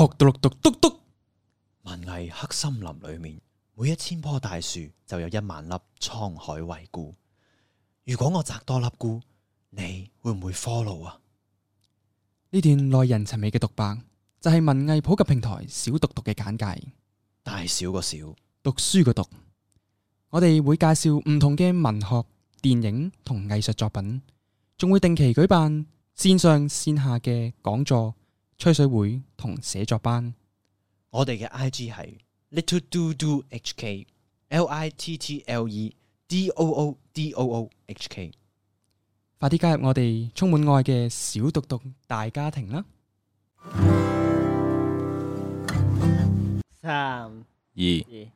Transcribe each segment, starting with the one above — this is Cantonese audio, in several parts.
學讀讀讀讀，文藝黑森林裏面，每一千棵大樹就有一萬粒滄海遺孤。如果我摘多粒菇，你會唔會 follow 啊？呢段耐人尋味嘅獨白，就係、是、文藝普及平台小讀讀嘅簡介。大少個少讀書嘅讀，我哋會介紹唔同嘅文學、電影同藝術作品，仲會定期舉辦綫上綫下嘅講座。吹水會同寫作班，我哋嘅 I G 係 Little Doo Doo H K，L I T T L E D O O D O O H K，快啲加入我哋充滿愛嘅小讀讀大家庭啦！三二一。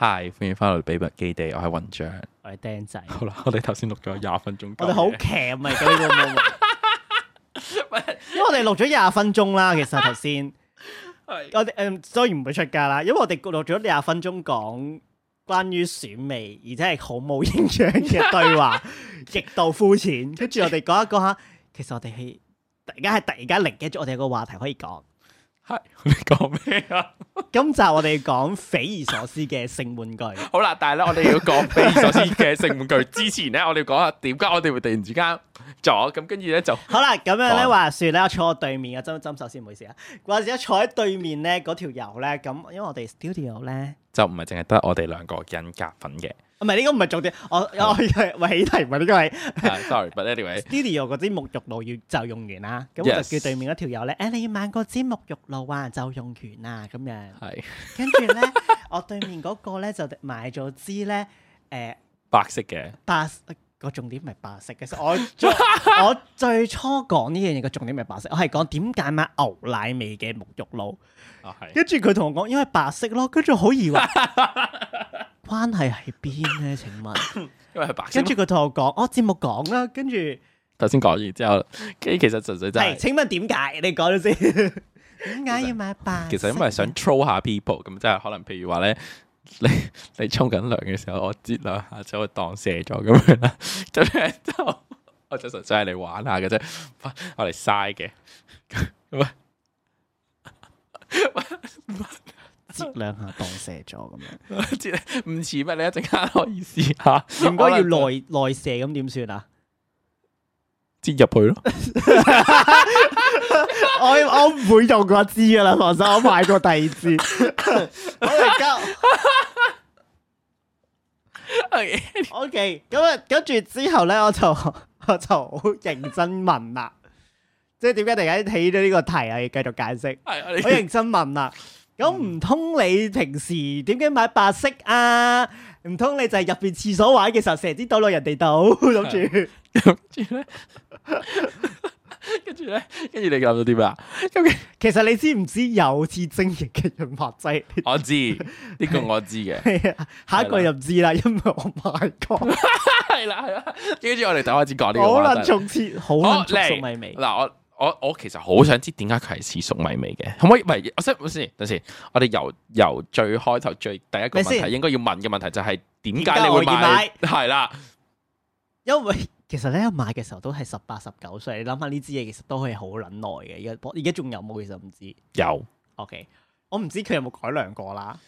hi，歡迎翻嚟秘密基地，我係雲雀，我係釘仔。好啦，我哋頭先錄咗廿分鐘，我哋好鉗啊！呢個因為我哋錄咗廿分鐘啦，其實頭先 的我誒，雖然唔會出街啦，因為我哋錄咗廿分鐘講關於選美，而且係好冇影象嘅對話，極 度膚淺。跟住我哋講一講下，其實我哋係而家係突然間嚟記住我哋個話題可以講。哎、你講咩啊？ 今集我哋講匪夷所思嘅性玩具。 好啦，但係咧我哋要講匪夷所思嘅性玩具之前咧， 我哋講下點解我哋會突然之間咗咁，跟住咧就好啦。咁樣咧、哦、話說咧，我坐我對面嘅針針手先，唔好意思啊。或者坐喺對面咧嗰條友咧，咁因為我哋 studio 咧就唔係淨係得我哋兩個人夾份嘅。唔係呢個唔係重點，我我以為起題唔係呢個係。Sorry，but anyway。Daddy，我嗰支沐浴露要就用完啦，咁就叫對面嗰條友咧，誒，你買過支沐浴露啊？就用完啦，咁樣。係。跟住咧，我對面嗰個咧就買咗支咧，誒，白色嘅。白，個重點唔係白色嘅。我我最初講呢樣嘢個重點唔係白色，我係講點解買牛奶味嘅沐浴露。啊係。跟住佢同我講，因為白色咯，跟住好疑惑。關係喺邊咧？請問，因為係白跟住佢同我講，我、喔、節目講啦，跟住頭先講完之後，其實純粹真係，請問點解？你講咗先，點 解要買白？其實因為想 troll 下 people，咁即係可能譬如話咧，你你沖緊涼嘅時候， 以就 我跌落，或者會當卸咗咁樣啦。咁樣就我就純粹係嚟玩下嘅啫，我嚟嘥嘅。咩？咩？接兩下當射咗咁樣，唔似乜你一陣間可以試下，如果要內內 射咁點算啊？接入去咯。 我我唔會用嗰支噶啦，放心，我買過第二支。我嚟交。O K，咁啊，跟住之後咧，我就我就好認真問啦，即係點解突然間起咗呢個題啊？我要繼續解釋，我 認真問啦。咁唔通你平時點解買白色啊？唔通你就係入邊廁所玩嘅時候，成日子倒落人哋度，跟住跟住咧，跟住咧，跟住你諗到啲咩啊？咁其實你知唔知有似精液嘅潤滑劑？我知呢、這個我知嘅 下一個又唔知啦，因為我買過，係啦係啦，跟住我哋就開始講呢個好難從切，好難從俗迷嗱我。哦。我我其實好想知點解佢係似粟米味嘅，可唔可以？唔係，我先，我先，等先。我哋由由最開頭，最第一個問題等等應該要問嘅問題就係點解你會買？係啦，的因為其實咧買嘅時候都係十八十九歲，你諗下呢支嘢其實都可以好撚耐嘅。而家而家仲有冇？其實唔知有。OK，我唔知佢有冇改良過啦。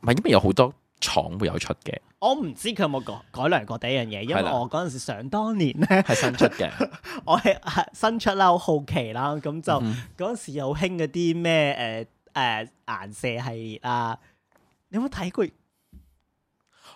唔係，因為有好多。廠會有出嘅，我唔知佢有冇改改良過第一樣嘢，因為我嗰陣時想當年咧係新出嘅， 我係新出啦，好奇啦，咁就嗰陣、嗯、哼 時又興嗰啲咩誒誒顏射系列啊，你有冇睇過？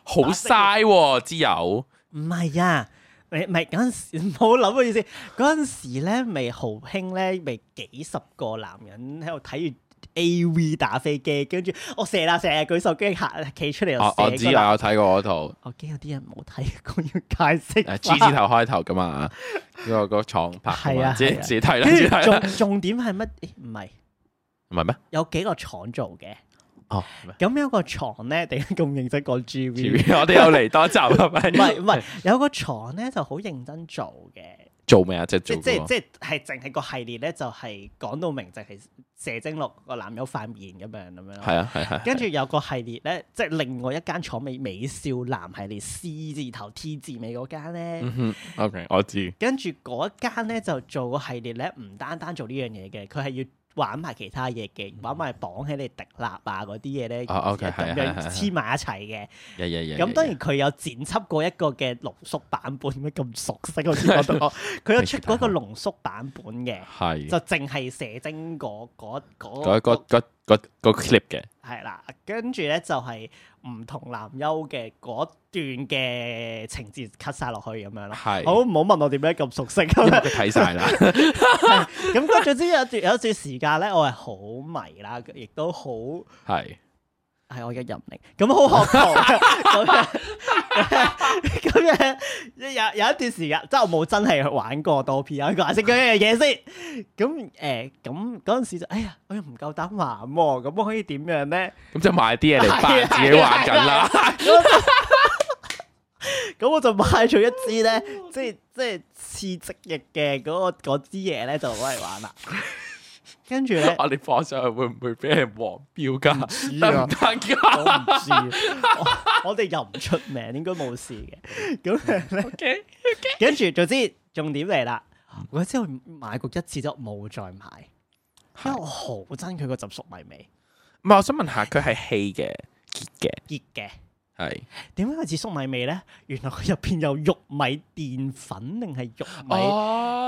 好嘥之有，唔係啊，未未嗰陣時，唔好諗嘅意思，嗰陣時咧未好興咧，未幾十個男人喺度睇完。A.V 打飛機，跟住我射啦，射啦舉手機行，企出嚟我知啊，我睇過嗰套。我驚有啲人冇睇，我要解釋。G 字頭開頭噶嘛？因為個廠拍。係啊，自自睇啦，重重點係乜？唔係唔係咩？有幾個廠做嘅。哦。咁有個廠咧，點解咁認真講 G.V.？我哋有嚟多集啦，唔係唔係，有個廠咧就好認真做嘅。做咩啊？即係即係是即係是，係淨係個系列咧，是就係、是、講到明，就係射精落個男友塊面咁樣咁樣。係啊係係。樣啊、跟住有個系列咧，即係、啊啊啊、另外一間廠美美少男系列，C 字頭 T 字尾嗰間咧。OK，我知。跟住嗰間咧就做個系列咧，唔單單做呢樣嘢嘅，佢係要。玩埋其他嘢嘅，玩埋綁起你迪立啊嗰啲嘢咧，一噉樣黐埋一齊嘅。咁當然佢有剪輯過一個嘅濃縮版本，咩咁熟悉 我先講到，佢有出過一個濃縮版本嘅，白就淨係射精嗰嗰。個 clip 嘅係啦，跟住咧就係唔同男優嘅嗰段嘅情節 cut 晒落去咁樣咯。係的，好唔好問我點解咁熟悉咁樣？睇晒啦。咁， 但係總之有一段 有一段時間咧，的我係好迷啦，亦都好係係我嘅人力，咁好學徒。咁樣、 嗯、有有一段時間，即係我冇真係去玩過多 P，嗰啲咁樣嘅嘢先。咁誒，咁嗰陣時就，哎呀，我又唔夠膽玩喎。咁我可以點樣咧？咁就買啲嘢嚟幫自己玩緊啦。咁 我就買咗一支咧， 即係即係刺激液嘅嗰個支嘢咧，就攞嚟玩啦。 跟住咧，我哋、啊、放上去會唔會俾人黃標噶？我唔知。我哋又唔出名，應該冇事嘅。咁、 嗯 okay, okay、跟住總之重點嚟啦。我之後買過一次，都冇再買。哈是，因為我好憎佢個浸粟米味。唔係、嗯，我想問下，佢係稀嘅、結嘅的、熱嘅的，係點解佢似粟米味咧？原來佢入邊有玉米澱粉，定係玉米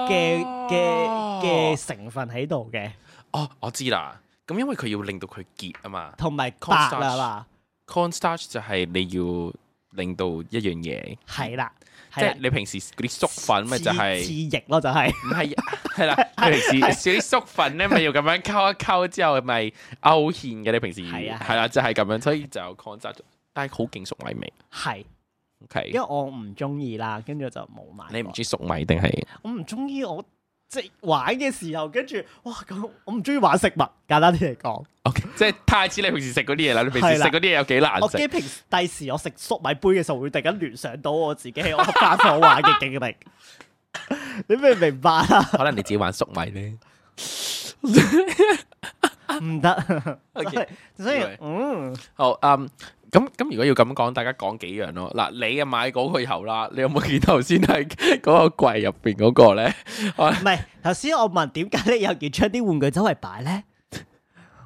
嘅嘅嘅成分喺度嘅。哦，我知啦，咁因為佢要令到佢結啊嘛，同埋 cornstarch 白啦。cornstarch 就係你要令到一樣嘢，係啦，即係你平時嗰啲粟粉咪就係，黐液咯就係，唔係係啦，你平時少啲粟粉咧，咪要咁樣溝一溝之後，咪勾芡嘅。你平時係啊，係啦，就係咁樣，所以就有 cornstarch，但係好勁粟米味。係，OK，因為我唔中意啦，跟住就冇買。你唔中意粟米定係？我唔中意我。即玩嘅時候，跟住哇！咁我唔中意玩食物，簡單啲嚟講。O、okay, K，即係太子，你平時食嗰啲嘢啦， 你平時食嗰啲嘢有幾難食？我記得平時第時我食粟米杯嘅時候，會突然間聯想到我自己我家鄉玩嘅經歷。 你咩明，明白啊？可能你自己玩粟米咧，唔得。所以嗯，好嗯。Um, 咁咁，如果要咁講，大家講幾樣咯。嗱，你啊買嗰個油啦，你有冇見頭先係嗰個櫃入邊嗰個咧？唔係頭先我問點解你又要將啲玩具周圍擺咧？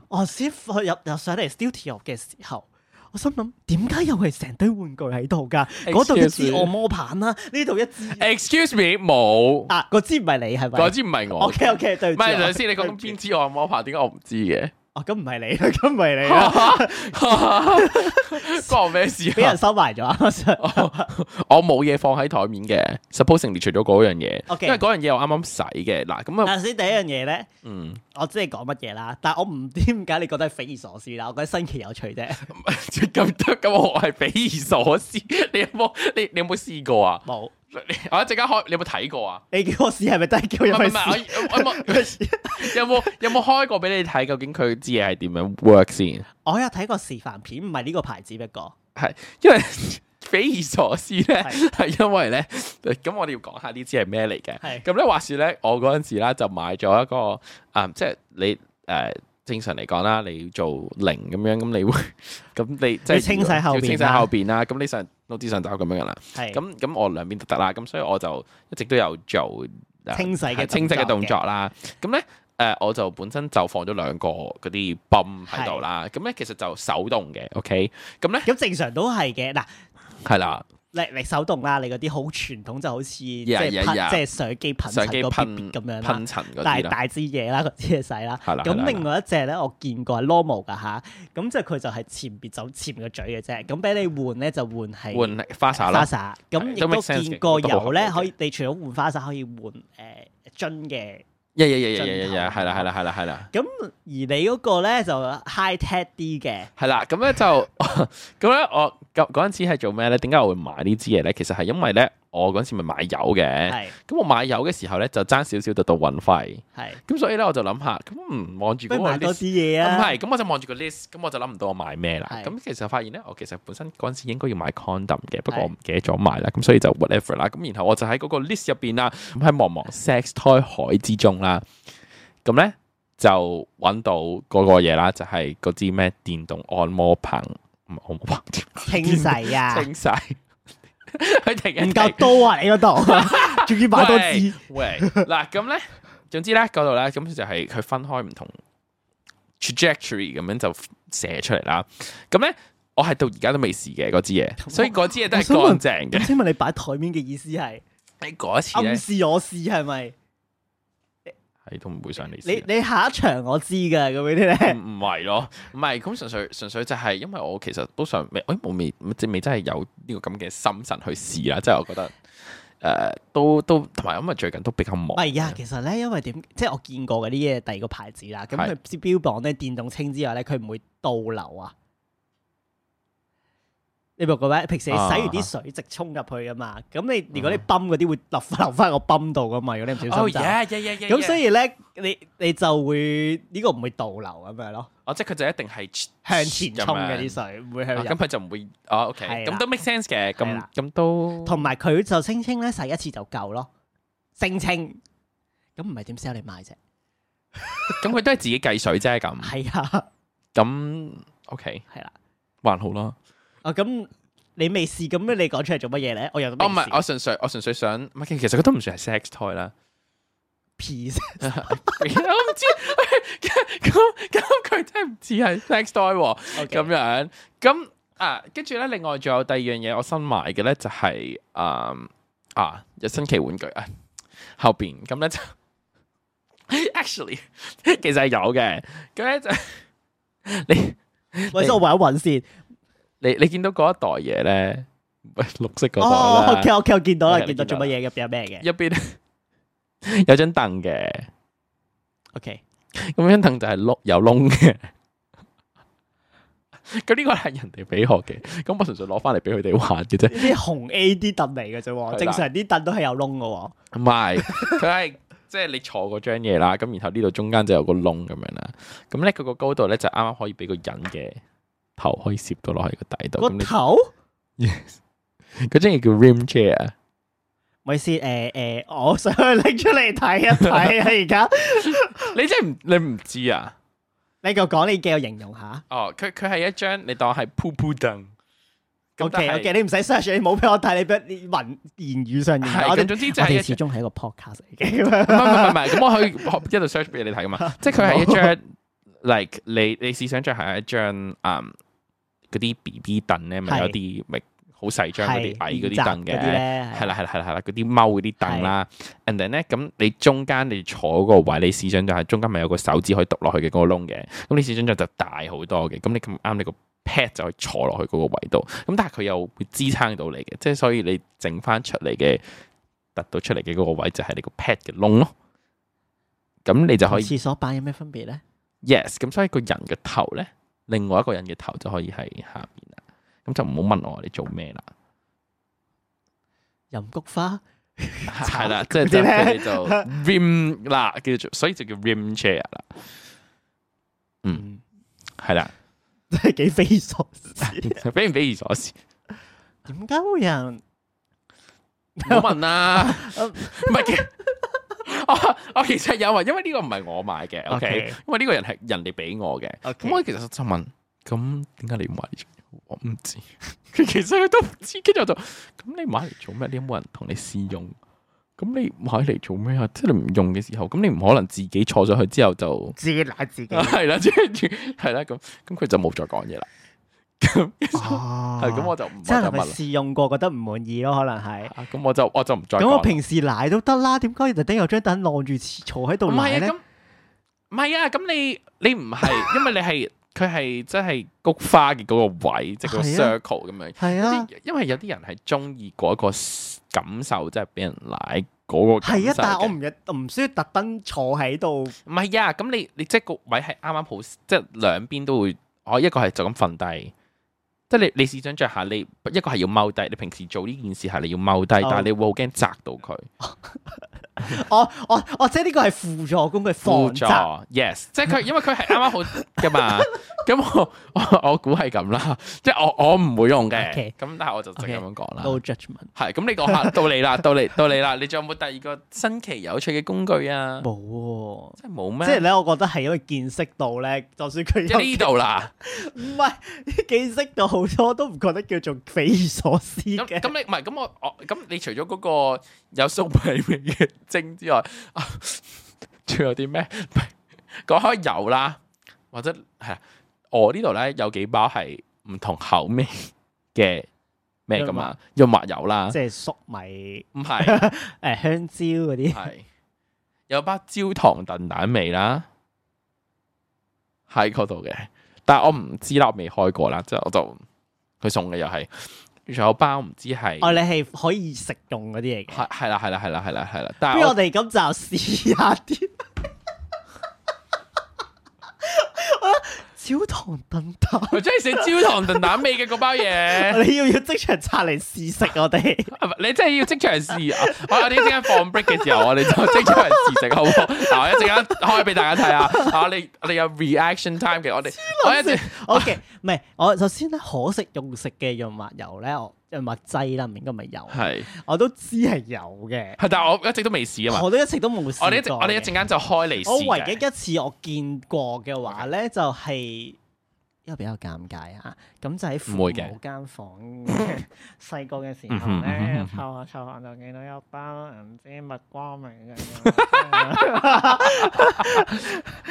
頭先放入入上嚟 studio 嘅時候，我心諗點解又會成堆玩具喺度噶？嗰度一支按摩棒啦，呢度一支。Excuse me，冇啊，個支唔係你係咪？個支唔係我。OK，OK，對唔住。唔係頭先你講邊支按摩棒？點解我唔知嘅？咁唔係你啦，咁唔係你啦， 關我咩事、啊？俾 人收埋咗， oh, 我冇嘢放喺台面嘅。Supposing 除咗嗰樣嘢，Okay. 因為嗰樣嘢我啱啱洗嘅。嗱，咁啊，頭先第一樣嘢咧，嗯，我知你講乜嘢啦，但係我唔知點解你覺得匪夷所思啦？我覺得新奇有趣啫。咁得咁我係匪夷所思，你有冇你你有冇試過啊？冇。我一陣間開，你有冇睇過啊？你叫我試係咪真係叫？唔係唔係，有冇有冇 開過俾你睇？究竟佢支嘢係點樣 work 先？ 我有睇過示範片，唔係呢個牌子不過係，因為匪夷 所思咧，係是因為咧，咁我哋要講下是呢支係咩嚟嘅。係咁咧，話說咧，我嗰陣時啦就買咗一個，誒、嗯，即係你誒、呃，正常嚟講啦，你要做零咁樣，咁你會咁你即係清洗後清洗後邊啊，咁你上？攞紙上就咁樣噶啦，咁咁、no, 我兩邊都得啦，咁所以我就一直都有做清洗嘅清洗嘅動作啦。咁咧誒，我就本身就放咗兩個嗰啲泵喺度啦。咁咧是其實就手動嘅，OK。咁咧咁正常都係嘅，嗱係啦。嚟嚟手動啦，你嗰啲好傳統就好似即係噴即係相機噴塵嗰啲咁樣啦，但係大支嘢啦，支嘢使啦。咁另外一隻咧，我見過係 normal 嘅吓。咁即係佢就係前面走前面個嘴嘅啫。咁俾你換咧，就換係換花灑啦。咁亦都見過油咧，可以，你除咗換花灑，可以換誒樽嘅。呀呀呀呀呀呀呀，係盡 Finished. 啦係啦係啦係啦。咁而你嗰個咧啦就 high tech 啲嘅。係啦，咁咧就咁咧我嗰時係做咩咧？點解我會買呢支嘢咧？其實係因為咧。我嗰時咪買油嘅，咁是我買油嘅時候咧就爭少少得到運費，咁是所以咧我就諗下，嗯望住嗰個啲嘢、啊，唔係、嗯，咁我就望住個 list，咁我就諗唔到我買咩啦，咁是其實發現咧，我其實本身嗰陣時應該要買 condom 嘅，不過我唔記得咗買啦，咁是所以就 whatever 啦，咁然後我就喺嗰個 list 入邊啦，喺茫茫 sex toy 海之中啦，咁咧就揾到嗰個嘢啦，就係嗰、就是、支咩電動按摩棒， 動唔好清洗啊清洗。佢 停緊唔夠多啊！你嗰度仲要擺多支？喂，嗱咁咧，總之咧嗰度咧，咁就係佢分開唔同 trajectory 咁樣就射出嚟啦。咁咧，我係到而家都未試嘅嗰支嘢，所以嗰支嘢都係乾淨嘅。請問，問你擺台面嘅意思係？你嗰一次暗示我試係咪？是你都唔會上嚟。你你下一場我知噶，咁嗰啲咧。唔唔係，咯，唔係咁，純粹純粹就係因為我其實都想，哎，我未即係未真係有呢個咁嘅心神去試啦。嗯、即係我覺得，誒、呃，都都同埋因為，最近都比較忙。係啊，其實咧，因為點？即係我見過嗰啲嘢第二個牌子啦，咁佢標榜咧電動清之外咧，佢唔會倒流啊。你唔覺咩？平時你洗完啲水直沖入去噶嘛？咁你如果啲泵嗰啲會流流翻個泵度噶嘛？如果你唔小心，咁所以咧，你你就會呢個唔會倒流咁樣咯。哦，即係佢就一定係向前沖嘅啲水，唔會向入。咁佢就唔會哦。OK，咁都 make sense 嘅。咁咁都同埋佢就清清咧，洗一次就夠咯，清清。咁唔係點 sell 你買啫？咁佢都係自己計水啫。咁係啊。咁 OK，係啦，還好啦。咁、哦、你未試，咁你講出嚟做乜嘢咧？我又咁我唔係，我純粹，我純粹想，唔其實佢都唔算係 sex toy 啦。p、 uh, 我唔知，咁咁佢真係唔似係 sex toy 喎。咁 Okay. 樣，咁啊，跟住咧，另外仲有第二樣嘢，我新買嘅咧就係、是，嗯啊，日、啊、新奇玩具啊，後邊咁咧就 ，actually，其實係有嘅，咁咧就 你，喂你我先我搵一搵先。你你見到嗰一袋嘢咧，綠色嗰袋啦，OK OK，我見到啦，見到做乜嘢嘅？入邊有咩嘅？入邊有張凳嘅，OK。咁張凳就係窿有窿嘅。咁呢個係人哋俾我嘅，咁我純粹攞翻嚟俾佢哋玩嘅啫。啲紅 A D 凳嚟嘅啫，正常啲凳都係有窿嘅。唔係，佢係即係你坐嗰張嘢啦。咁然後呢度中間就有個窿咁樣啦。咁咧佢個高度咧就啱啱可以俾個人嘅。頭可以攝到落去個底度。個頭，yes，嗰張嘢叫 Rim Chair。唔好意思，誒誒，我想去拎出嚟睇一睇。而家你真係唔，你唔知啊？你就講你叫我形容下。哦，佢佢係一張，你當係鋪鋪凳。ok ok，你唔使 search，你冇俾我睇，你俾文言語上面。我哋總之就係始終係一個 podcast 嚟嘅。唔唔唔，咁我可以喺度 search 俾你睇噶嘛？即係佢係一張，like 你你試想，最係一張，嗯。嗰啲 B.B 凳咧，咪是有啲咪好細張嗰啲是矮嗰啲凳嘅，係啦係啦係啦係啦，嗰啲踎嗰啲凳啦。And then 咧，咁的你中間你坐嗰個位，你試想就係中間咪有個手指可以篤落去嘅嗰個窿嘅。咁你試想就大好多嘅。咁你咁啱你個 pad 就可以坐落去嗰個位度。咁但係佢又會支撐到你嘅，即係所以你整翻出嚟嘅突到出嚟嘅嗰個位就係、是、你個 pad 嘅窿咯。咁你就可以。廁所板有咩分別咧？Yes，咁所以個人嘅頭咧。另外一個人嘅頭就可以喺下邊啦，咁就唔好問我你做咩啦，飲菊花係啦，即係即係就 rim 啦叫做，所以就叫 rim chair 啦， 嗯，係啦，真係幾匪夷所思，匪唔匪夷所思，點 鳩 人，我問啦，唔係我、哦哦、其實有啊，因為呢個唔係我買嘅，OK，, okay. 因為呢個人係人哋俾我嘅。咁我 Okay. 其實就問，咁點解你買我唔知。佢其實佢都唔知，跟住我就咁，你買嚟做咩？你有冇人同你試用？咁你買嚟做咩啊？即係你唔用嘅時候，咁你唔可能自己坐咗去之後就自己賴自己。係啦， 係啦，咁咁佢就冇再講嘢啦。係咁我就即係咪試用過，覺得唔滿意咯？可能係咁我就我就唔再。咁我平時奶都得啦，點解要特登有張凳晾住坐喺度奶咧？唔係啊，咁唔係啊，咁你你唔係，因為你係佢係即係菊花嘅嗰個位，即係個 circle 咁樣。係啊，因為有啲人係中意嗰個感受，即係俾人奶嗰個，係啊，但係我唔唔需要特登坐喺度。唔係啊，咁你你即係個位係啱啱好，即係兩邊都會，我一個係就咁瞓低。即係你，你試想象下，你一個係要踎低，你平時做呢件事係你要踎低，oh. 但係你會好驚砸到佢。哦哦哦，即係呢個係輔助工具嘅輔助 Yes， 即係佢，因爲佢係啱啱好噶嘛。咁 我我估係咁啦，即係我我唔會用嘅。咁 Okay. 但係我就就咁樣講啦。Okay. No No judgment。係，咁你講下到你啦，到你到你啦，你仲有冇第二個新奇有趣嘅工具啊？冇、 啊，即係冇咩？即係咧，我覺得係因爲見識到咧，就算佢。呢度啦。唔係見識到。好多都唔覺得叫做匪夷所思嘅。咁咁你唔係咁我我咁你除咗嗰個有粟米味嘅精之外，仲有啲咩？講開油啦，或者係我呢度咧有幾包係唔同口味嘅咩噶嘛？潤滑油啦，即係粟米，唔係誒香蕉嗰啲係有包焦糖燉蛋味啦，喺嗰度嘅。但係我唔知啦，未開過啦，即係我就佢送嘅又係仲有包，唔知係，哦，你係可以食用嗰啲嘢嘅。係啦，係啦，係啦，係啦，係啦，但係不如我哋今集試下啲。 焦糖燉蛋，我中意食焦糖燉蛋味嘅嗰包嘢。你要要即場拆嚟試食我哋，你真係要即場試啊！我哋一陣間放 break 嘅時候，我哋就即場嚟試食好。嗱，我一陣間開俾大家睇下！我哋我哋有 reaction time 嘅，我哋我一陣，ok。唔係，我首先咧可食用食嘅潤滑油咧，我潤滑劑啦，唔應該咪油。係，我都知係有嘅。係，但係我一直都未試啊嘛。我都一直都冇試過。我哋一我哋一陣間就開嚟試。我唯一一次我見過嘅話咧，就係。因為比較尷尬啊，咁就喺父母間房，細個嘅時候咧，刨下刨下就見到一包唔知蜜瓜味嘅。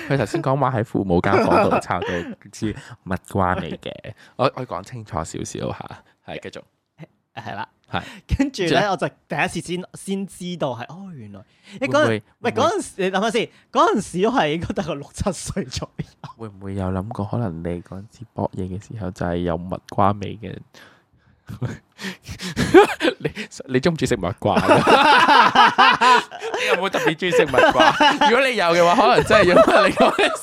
佢頭先講話喺父母間房度抄到支蜜瓜味嘅，我我講清楚少少吓，係 繼續係啦。 嗯係，跟住咧，我就第一次先先知道係，哦，原來，嗰陣喂嗰陣，你諗下先，嗰陣時都係應該得個六七歲左右。會唔會有諗過，可能你嗰陣時博嘢嘅時候就係有蜜瓜味嘅？你你中唔中意食蜜瓜？你有冇特別中意食蜜瓜？如果你有嘅話，可能真係因為你陣時，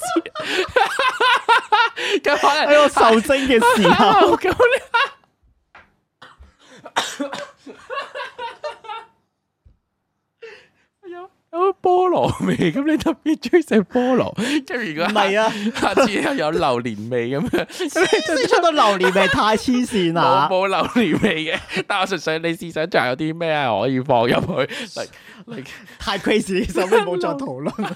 咁可能喺個受精嘅時候有 有菠蘿味，咁 你特別中意食菠蘿， 即如果，唔係啊，下次又有榴蓮味咁樣。你 出到榴蓮味太黐線啦！冇 榴蓮味嘅，但我純粹你試想仲有啲咩可以放入去， 太 crazy，所以冇再討論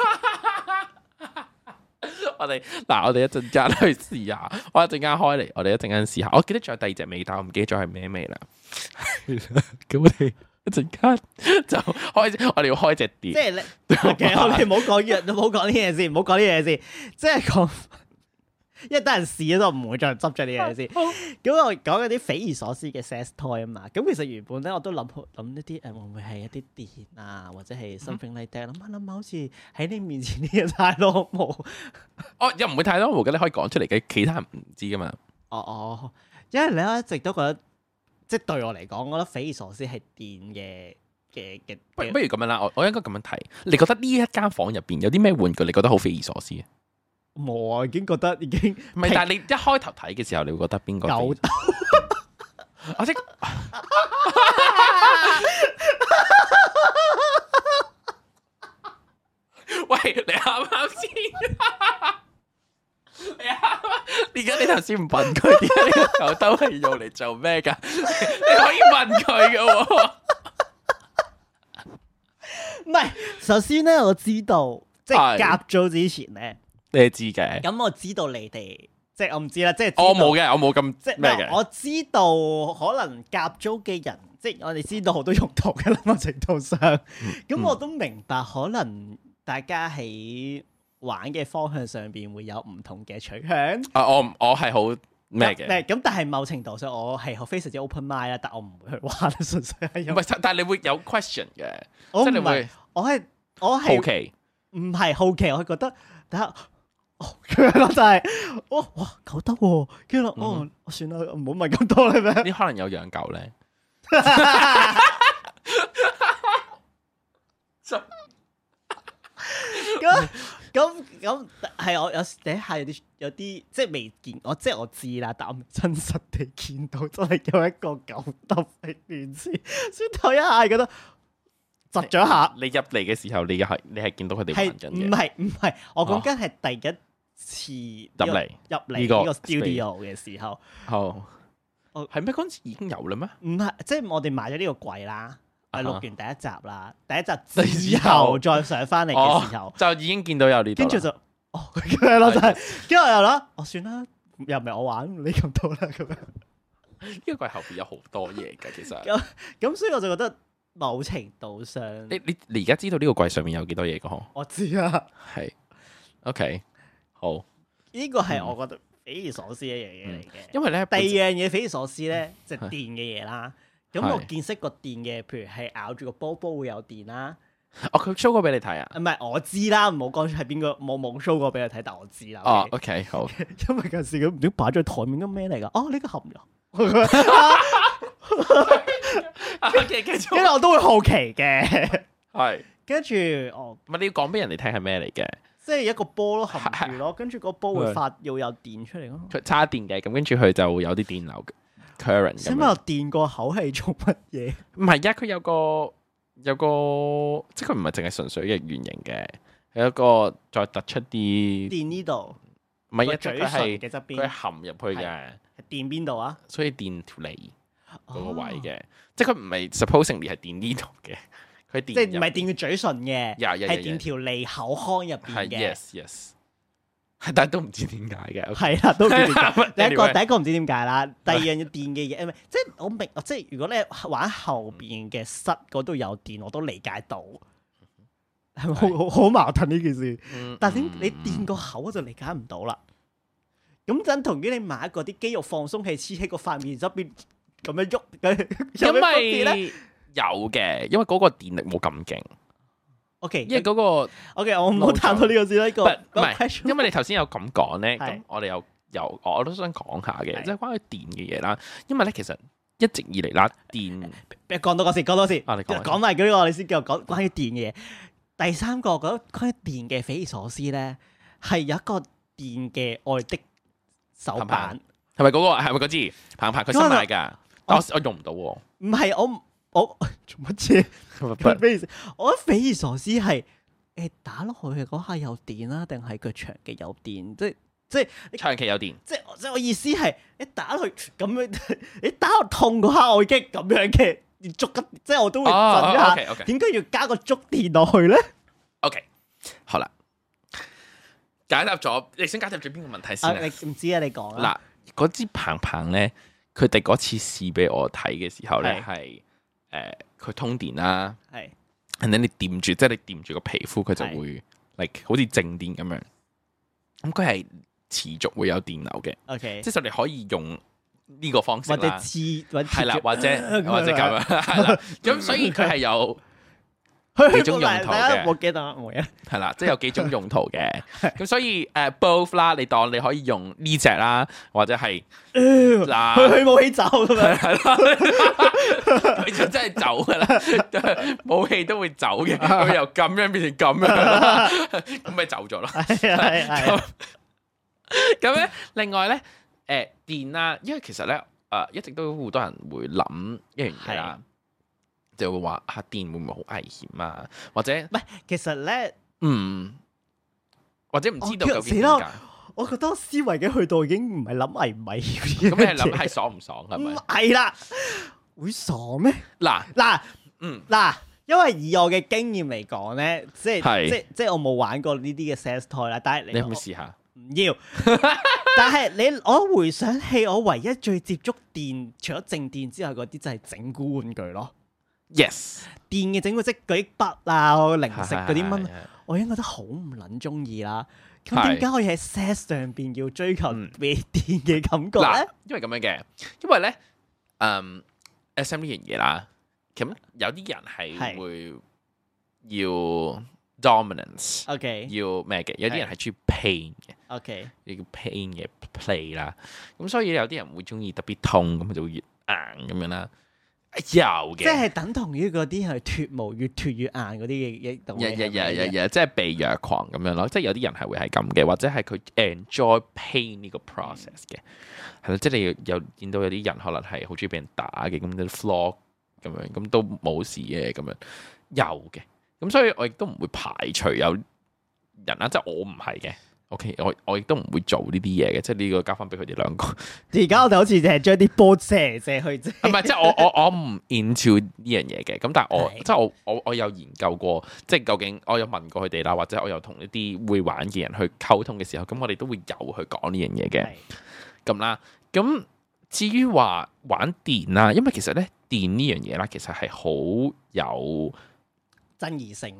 我哋嗱，我哋一陣間去試下。我一陣間開嚟，我哋一陣間試下。我記得仲有第二隻味，但我唔記得咗係咩味啦。咁 我哋一陣間就開，我哋要開隻電。即係你，我哋唔好講呢樣，唔好講呢嘢先，唔好講呢嘢先。即係講，一為等人試咗都唔會再執着呢嘢先。咁、啊哦、我講嗰啲匪夷所思嘅 sex toy 啊嘛。咁其實原本咧，我都諗諗一啲誒，會唔會係一啲電啊，或者係 something like that？諗下諗下，嗯、想想好似喺你面前呢個太多冇。哦，又唔會太多，咁你可以講出嚟嘅，其他人唔知噶嘛。哦哦，因為你一直都覺得。即係對我嚟講，我覺得匪夷所思係電嘅嘅嘅。喂，不如咁樣啦，我我應該咁樣睇。你覺得呢一間房入邊有啲咩玩具？你覺得好匪夷所思嘅？冇啊，已經覺得已經。唔係不，平但係你一開頭睇嘅時候，你會覺得邊個？有又。我即。喂，你啱啱先。哎、你而家你頭先唔問佢，點解個狗兜係用嚟做咩噶？ 你可以問佢噶。唔係，首先咧，我知道，哎、即係夾租之前咧，你知嘅。咁我知道你哋，即係我唔知啦。即係我冇嘅，我冇咁即係。我知道可能夾租嘅人，即係我哋知道好多用途嘅某個程度上，咁我都明白，可能大家喺。嗯玩嘅方向上邊會有唔同嘅取向。啊，我我係好咩嘅？咁但係某程度上，我係非常之 open mind 啦。但係我唔會去玩，純粹係。唔係，但係你會有 question 嘅。即係你會，我係我係好奇，唔係好奇，我係覺得，但係哦，原來就係哦，哇，狗得，跟住哦，我算啦，唔好問咁多啦，咩？你可能有養狗咧。就咁。咁咁係我有第一下有啲有啲即係未見，我即係我知啦，但我唔真實地見到，真係有一個狗耷喺面前。先睇一下，覺得，係，窒咗下。你入嚟嘅時候，你係你係見到佢哋玩緊？唔係唔係，我講緊係第一次入嚟入嚟呢個，哦，呢個 studio 嘅時候。好，這個這個，哦係咩？嗰陣時已經有啦咩？唔係，即係我哋買咗呢個櫃啦。係錄完第一集啦，第一集之後再上翻嚟嘅時候，哦，就已經見到有呢啲，跟住就哦，佢咩咯，就係，跟住我又諗，哦，算啦，又唔係我玩，你咁 多啦，咁樣呢個櫃後邊有好多嘢噶，其實咁，咁所以我就覺得某程度上，你你而家知道呢個櫃上面有幾多嘢噶？我知啊，係 ，OK，好，呢個係我覺得匪夷所思一樣嘢嚟嘅，因為咧第二樣嘢匪夷所思咧就係電嘅嘢啦。 咁我見識個電嘅，譬如係咬住個波，波會有電啦。哦，佢 show 過俾你睇啊？唔係，我知啦。唔好講出係邊個，冇冇 show 過俾佢睇，但我知啦。哦，OK，好。因為嗰時，佢唔知擺咗台面都咩嚟噶。哦，呢個含咗。跟住，我都會好奇嘅。係。跟住，哦，唔係你要講俾人哋聽係咩嚟嘅？即係一個波咯，含住咯，跟住個波會發要有電出嚟咯。佢插電嘅，咁跟住佢就會有啲電流嘅。使乜又電個口係做乜嘢？唔係呀，佢有個有個，即係佢唔係淨係純粹嘅圓形嘅，係一個再突出啲。電呢度？唔係，嘴唇嘅側邊，佢含入去嘅。係電邊度啊？所以電條脷嗰個位嘅，哦、即係佢唔係 supposedly 係電呢度嘅，佢電即係唔係電個嘴唇嘅，係電條脷口腔入邊嘅。Yes，yes。Yes, yes, yes. 係，但係都唔知點解嘅。係啦，都唔知點解。第一個，第一個唔知點解啦。第二樣要電嘅嘢，即係我明，即係如果你玩後邊嘅室嗰度有電，我都理解到，係咪好好矛盾呢件事。但係點你電個口就理解唔到啦。咁陣同於你買嗰啲肌肉放鬆器，黐喺個塊面側邊咁樣喐嘅，有咩分別咧？有嘅，因為嗰個電力冇咁勁。OK，因為嗰個 OK，我唔好談到呢個先啦。呢個唔係，因為你頭先有咁講咧，咁我哋有有，我都想講下嘅，即係關於電嘅嘢啦。因為咧，其實一直以嚟啦，電，講多嗰時，講多嗰時，講埋嗰啲，我哋先繼續講關於電嘅嘢。第三個嗰個關於電嘅匪夷所思咧，係有一個電嘅愛的手板，係咪嗰個？係咪嗰支？彭彭佢新買㗎，我用唔到喎。唔係我。我做乜嘢？我覺得匪夷所思係，誒、欸、打落去嗰下有電啦，定係佢長期有電？即係即係長期有電？即係即係我，我意思係，你打落去咁樣， 你打落痛嗰刻我已經咁樣嘅，連捉緊即係我都會震一下。Oh, OK。點解要加個觸電落去咧？OK，好啦，解答咗，你先解答咗邊個問題先、啊？你唔知啊？你講啦、啊。嗱，嗰支棒棒咧，佢哋嗰次試俾我睇嘅時候咧，係。 誒，佢通電啦，啊，係是，等等你掂住，即係你掂住個皮膚，佢就會是 l、like, 好似靜電咁樣，咁佢係持續會有電流嘅，OK，即係你可以用呢個方式，或者刺，係 啦，或者或者咁樣，係啦，咁所以佢係有。 幾種用途記得，嘅，係啦，即係有幾種用途嘅。咁 所以誒、uh，both 啦，你當你可以用呢隻啦，或者係嗱，佢冇起走咁嘛，係咯，佢就真係走噶啦，武器都會走嘅，咁 由咁樣變成咁樣，咁咪 走咗咯。係啊，係啊。咁咧，另外咧，誒，電啦，因為其實咧，誒、呃，一直都好多人會諗一樣嘢啊。 就會話黑電會唔會好危險啊？或者唔係，其實咧，嗯，或者唔知道究竟點解？我覺得思維嘅去到已經唔係諗危唔危險咁，你諗係爽唔爽係咪？唔係啦，會爽咩？嗱嗱，嗯嗱，因為以我嘅經驗嚟講咧，即係即係即係我冇玩過呢啲嘅 sex toy 啦。但係你有冇試下？唔要。但係你我回想起我唯一最接觸電，除咗靜電之外，嗰啲就係整蠱玩具咯。yes，電嘅整個即啲筆啊，零食嗰啲乜，我已經覺得好唔撚中意啦。咁點解可以喺 sex 上邊要追求畀電嘅感覺咧？因為咁樣嘅，因為咧，嗯，SM 呢樣嘢啦，咁有啲人係會要 dominance，OK，要咩嘅，有啲人係中意 pain 嘅，OK，要叫 pain 嘅 play 啦。咁所以有啲人會中意特別痛咁就會越硬咁樣啦。有嘅，即係等同於嗰啲係脫毛越脫越硬嗰啲嘅嘢。日日即係被虐狂咁樣咯。即係有啲人係會係咁嘅，或者係佢 enjoy pain 呢個 process 嘅。係啦、mm hmm.，即係你有又見到有啲人可能係好中意俾人打嘅，咁啲 flog 咁樣，咁都冇事嘅咁樣。有嘅，咁所以我亦都唔會排除有人啦，即係我唔係嘅。OK，我我亦都唔會做呢啲嘢嘅，即係呢個交翻俾佢哋兩個。 而家我哋好似淨係將啲波射射去，即係唔係即係我我我唔 into 呢樣嘢嘅。咁但係我即係我我我有研究過，即係究竟我有問過佢哋啦，或者我有同一啲會玩嘅人去溝通嘅時候，咁我哋都會有去講呢是的 樣嘢嘅。咁啦，咁至於話玩電啦，因為其實咧電呢樣嘢啦，其實係好有爭議性。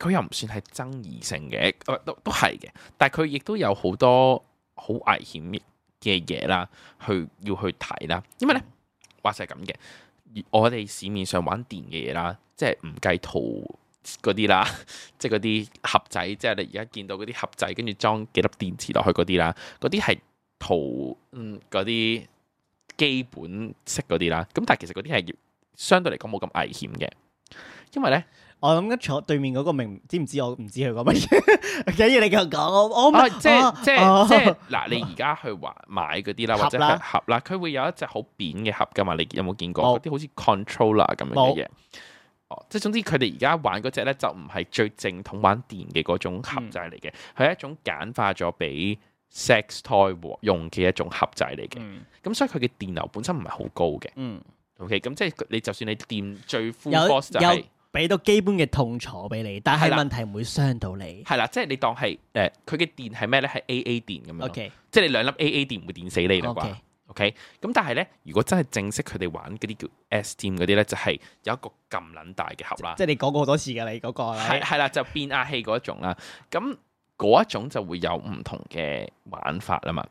佢又唔算係爭議性嘅、呃，都都係嘅。但係佢亦都有好多好危險嘅嘢啦，去要去睇啦。因為呢話就係咁嘅。我哋市面上玩電嘅嘢啦，即係唔計圖嗰啲啦，即係嗰啲盒仔，即係你而家見到嗰啲盒仔，跟住裝幾粒電池落去嗰啲啦，嗰啲係圖嗯嗰啲基本式嗰啲啦。咁但係其實嗰啲係相對嚟講冇咁危險嘅，因為呢。我諗一坐對面嗰個明，明知唔知我唔知佢講乜嘢，假 如你叫我講，我、oh、我、啊、即、啊、即、啊、即嗱，你而家去玩買嗰啲啦，或者盒啦，佢會有一隻好扁嘅盒噶嘛？你有冇見過嗰啲沒好似 controller 咁樣嘅嘢？沒哦，即係總之佢哋而家玩嗰隻咧，就唔係最正統玩電嘅嗰種盒仔嚟嘅，佢係、嗯、一種簡化咗俾 sex toy 用嘅一種盒仔嚟嘅。咁、嗯、所以佢嘅電流本身唔係好高嘅。嗯，OK，咁即係你就算你電最 full force 就係、嗯。俾到基本嘅痛楚俾你，但係問題唔會傷到你。係啦，即係你當係誒，佢、呃、嘅電係咩咧？係 A A 電咁樣。O Okay . K，即係你兩粒 A A 電唔會電死你啦啩？O K，咁但係咧，如果真係正式佢哋玩嗰啲叫 Steam 嗰啲咧，就係、係、有一個咁撚大嘅盒啦。即係你講過好多次噶，你嗰、嗰個係係啦，就變壓器嗰一種啦。咁嗰一種就會有唔同嘅玩法啦嘛。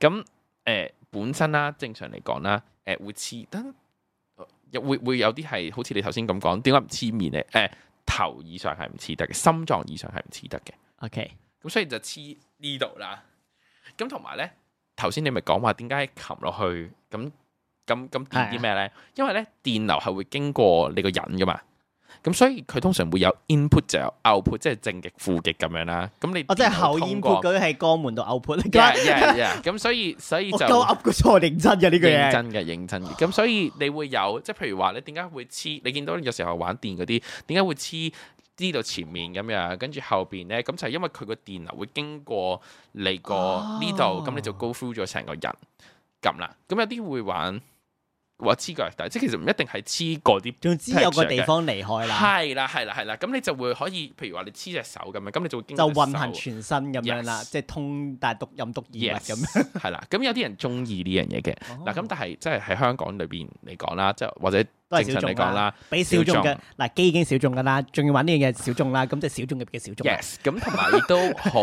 咁誒、呃，本身啦，正常嚟講啦，誒、呃、會似。等等又會會有啲係好似你頭先咁講，點解唔黐面咧？誒、欸、頭以上係唔黐得嘅，心臟以上係唔黐得嘅。OK，咁所以就黐呢度啦。咁同埋咧，頭先你咪講話點解撳落去咁咁咁電啲咩咧？Yeah. 因為咧，電流係會經過你個人㗎嘛。咁所以佢通常會有 input 就有 output，哦、即係正極負極咁樣啦。咁你即係後 input 嗰啲係肛門到 output，咁、 yeah, yeah, yeah. 所以所以就我糾噏個錯認真嘅呢句嘢，認真嘅認真嘅。咁 所以你會有即係譬如話你點解會黐？你見到你有時候玩電嗰啲點解會黐呢度前面咁樣，跟住後邊咧，咁就係因為佢個電流會經過你個呢度，咁、oh. 你就 go through 咗成個人咁啦。咁有啲會玩。話黐腳，但即係其實唔一定係黐個啲，總之有個地方離開啦。係啦，係啦，係啦，咁你就會可以，譬如話你黐隻手咁樣，咁你就就運行全身咁樣 Yes. 啦，即係通但督任督二脈咁樣。係啦 Yes. 咁有啲人中意呢樣嘢嘅。嗱、oh，咁但係即係喺香港裏邊嚟講啦，即係或者。都係小眾啦，比小眾嘅嗱機已經小眾噶啦，仲要玩呢樣嘢，小眾啦，咁即係小眾嘅嘅小眾。Yes，咁同埋亦都好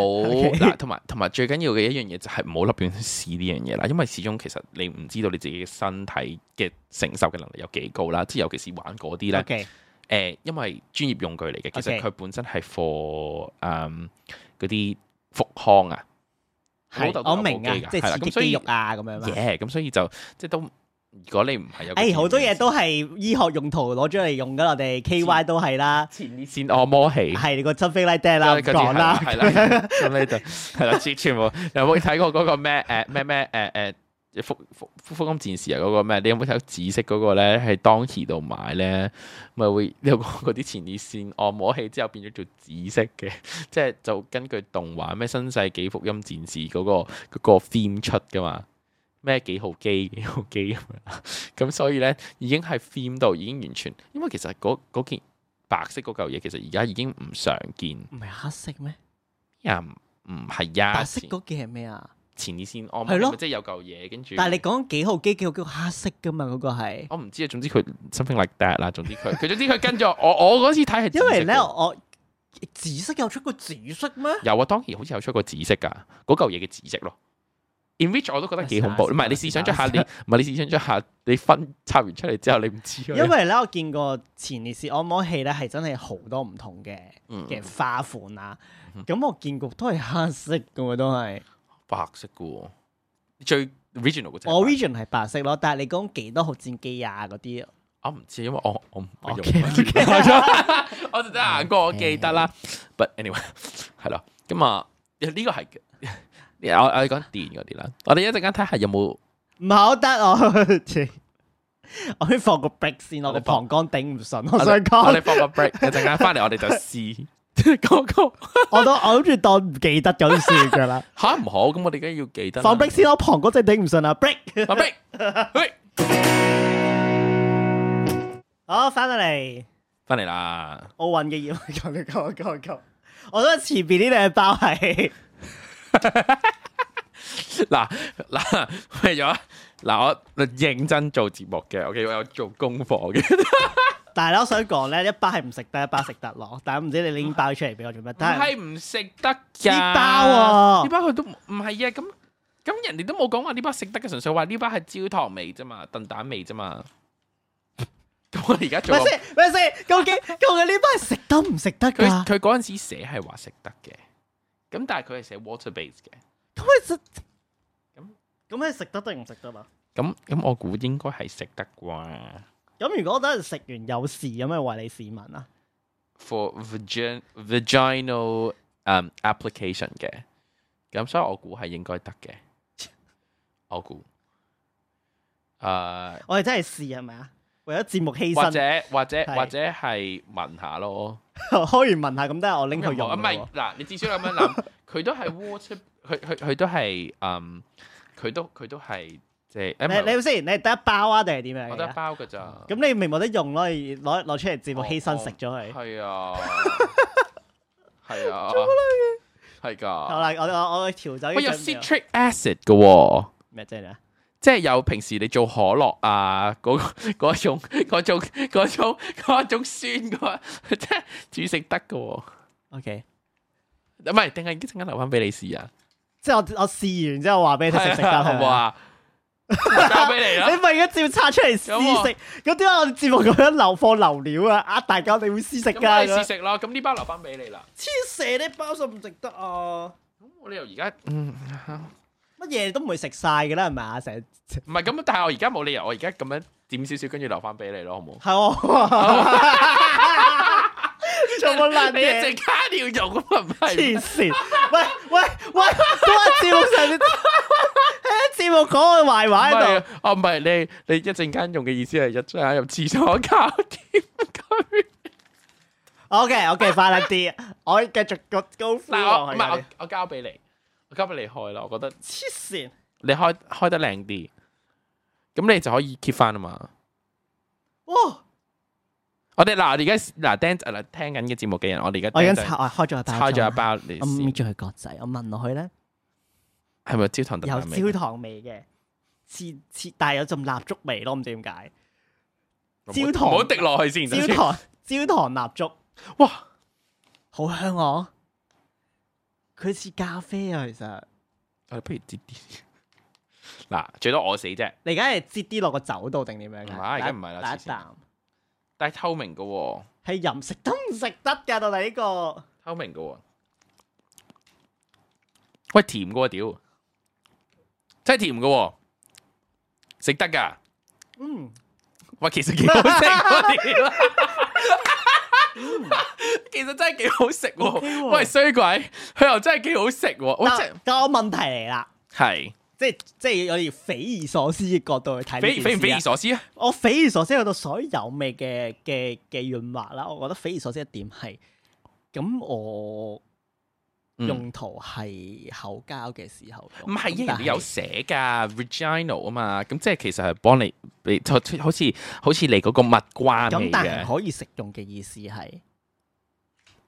嗱，同埋同埋最緊要嘅一樣嘢就係唔好立亂試呢樣嘢啦，因為始終其實你唔知道你自己嘅身體嘅承受嘅能力有幾高啦，即係尤其是玩嗰啲咧。誒，因為專業用具嚟嘅，其實佢本身係 for 誒嗰啲復康啊，我我明啊，即係肌肉啊咁樣。Yeah 咁所以就即係都。如果你唔係有，誒好多嘢都係醫學用途攞咗嚟用㗎，我哋 KY 都係啦前、啊。前列腺按摩器係個、like that, 車《真飛拉爹》啦，唔講啦，係啦，咁呢度係啦，全部有冇睇過嗰個咩誒咩咩誒誒《福福福音戰士》啊？嗰、啊啊啊那個咩？你有冇睇到紫色嗰個咧？喺當期度買咧，咪會有嗰啲前列腺按摩器之後變咗做紫色嘅，即 係就，就根據動畫咩新世紀福音戰士嗰、那個嗰、那個 film、那個、出㗎嘛。咩幾號機幾號機咁樣？咁 所以咧已經係 film 到已經完全，因為其實嗰件白色嗰嚿嘢其實而家已經唔常見。唔係黑色咩？呀，唔係呀。白色嗰件係咩啊？前列腺安。係咯的，即係、哦、的有嚿嘢跟住。但係你講幾號機叫做黑色噶嘛？嗰、那個係。我唔知啊，總之佢 something like that 啦。總之佢， 總之佢跟住我。我嗰次睇係。因為咧，我紫色有出過紫色咩？有啊，當時好似有出過紫色噶嗰嚿嘢嘅紫色咯。In which 我都覺得幾恐怖，唔係你試想咗下，你唔係你試想咗下，你分拆完出嚟之後，你唔知。因為咧，我見過前列腺按摩器咧，係真係好多唔同嘅嘅花款啊。咁我見過都係黑色嘅喎，都係白色嘅喎。最 original 嗰隻，我 original 係白色咯。但係你講幾多號戰機啊？嗰啲我唔知，因為我我唔記得我就得係行過，我記得啦。But anyway，係咯，咁啊，呢個係。我我哋講電嗰啲啦，我哋一陣間睇下有冇唔好得我， 我先放個 break 先放我個膀胱頂唔順，我，們我想講我哋放個 break， 一陣間翻嚟我哋就試，嗰個 Go, go. 我都我諗住當唔記得嗰啲事噶啦，吓唔、 啊、好，咁我哋梗要記得放 break 先我膀胱真係頂唔順啊，break，break，好翻到嚟，翻嚟啦，奧運嘅嘢講嚟講歌曲。 go, go, go, go, go. 我覺得前面呢兩包係。 嗱嗱，為咗嗱我認真做節目嘅，我其實有做功課嘅。大佬想講咧，一包係唔食得，一包食得咯。但係唔知你拎包出嚟俾我做乜？係唔食得噶？呢包呢包佢都唔係嘅，咁咁人哋都冇講話呢包食得嘅，純粹話呢包係焦糖味啫嘛，燉蛋味啫嘛。我而家做咩先？咩先？究竟究竟呢包係食得唔食得噶？佢佢嗰陣時寫係話食得嘅。咁但係佢係寫 water base 嘅，咁咪食，咁咁食得定唔食得啊？咁咁我估應該係食得啩。咁如果我等陣食完有事，有咩為你試問啊？For vaginal vag um application 嘅，咁所以我估係應該得嘅。我估，誒、uh，我哋真係試係咪啊？為咗節目犧牲或，或者或者或者係聞下咯。開完問下咁得，我拎佢用啊？唔係嗱，你至少咁樣諗，佢都係 water，佢佢佢都係嗯，佢都佢都係即係，你你冇先，你得一包啊，定係點樣？我得一包噶咋？咁你明冇得用咯，攞攞出嚟節目犧牲食咗佢，係啊，係啊，係噶。好啦，我我我調走，佢有 citric acid 嘅，咩啫？即係有平時你做可樂啊，嗰嗰種嗰種嗰種嗰種酸嘅， 哦、Okay. 即係煮食得嘅。O K，唔係定係已經陣間留翻俾你試啊？即係我我試完之後話俾你聽食食噶，的得好唔好啊？交俾 你啦！ 你咪係而家照拆出嚟試食，咁點解我哋節目咁樣留貨留料啊？呃大家你會試食噶？咁咪試食咯，咁呢包留翻俾你啦。黐蛇，呢包數唔值得啊！咁我哋又而家嗯。乜嘢都唔會食晒㗎啦，係咪？成日唔係咁，但係我而家冇理由，我而家咁樣點少少，跟住留翻俾你咯，好唔好？係做乜爛嘢？淨卡條用啊，唔係黐線！喂喂喂，都係節目上嘅，喺節目講個壞話喺度。哦，唔係你你一陣間用嘅意思係入出下入廁所搞掂佢？OK，OK，快一啲，我繼續個高飛王。唔係我我交俾你。急俾你開啦，我覺得黐線。你開開得靚啲，咁你就可以 keep 翻啊嘛。哇！我哋嗱我哋而家嗱聽誒啦，聽緊嘅節目嘅人，我哋而家我而家拆開咗一包，開咗一包嚟試。我搣咗去角仔，我聞落去咧係咪焦糖？有焦糖味嘅，黐黐，但係有陣蠟燭味咯，唔知點解。焦糖，我滴落去先。焦糖，焦糖蠟燭，哇，好香我、哦。佢似咖啡啊，其實，我哋、啊、不如折啲，嗱， 最多我死啫。你而家係折啲落個酒度定點樣嘅？唔係、啊，而家唔係啦。一啖，但係透明噶、啊，係飲食都食得噶、啊，到嚟呢個透明噶、啊，喂，甜噶、啊，屌，真係甜噶、啊，食得噶，嗯，喂，其實幾好食啊，你。 其實真係幾好食，喂衰 Okay 鬼，佢又真係幾好食，但我真即個問題嚟啦，係是即係即係我哋匪夷所思嘅角度去睇，匪匪唔匪夷所思啊！我匪夷所思去到所有味嘅嘅嘅潤滑啦，我覺得匪夷所思一點係，咁我。用途係口交嘅時候，唔係依然有寫噶 vaginal 啊嘛？咁即係其實係幫你，好似好似嚟嗰個蜜瓜嚟嘅，但係可以食用嘅意思係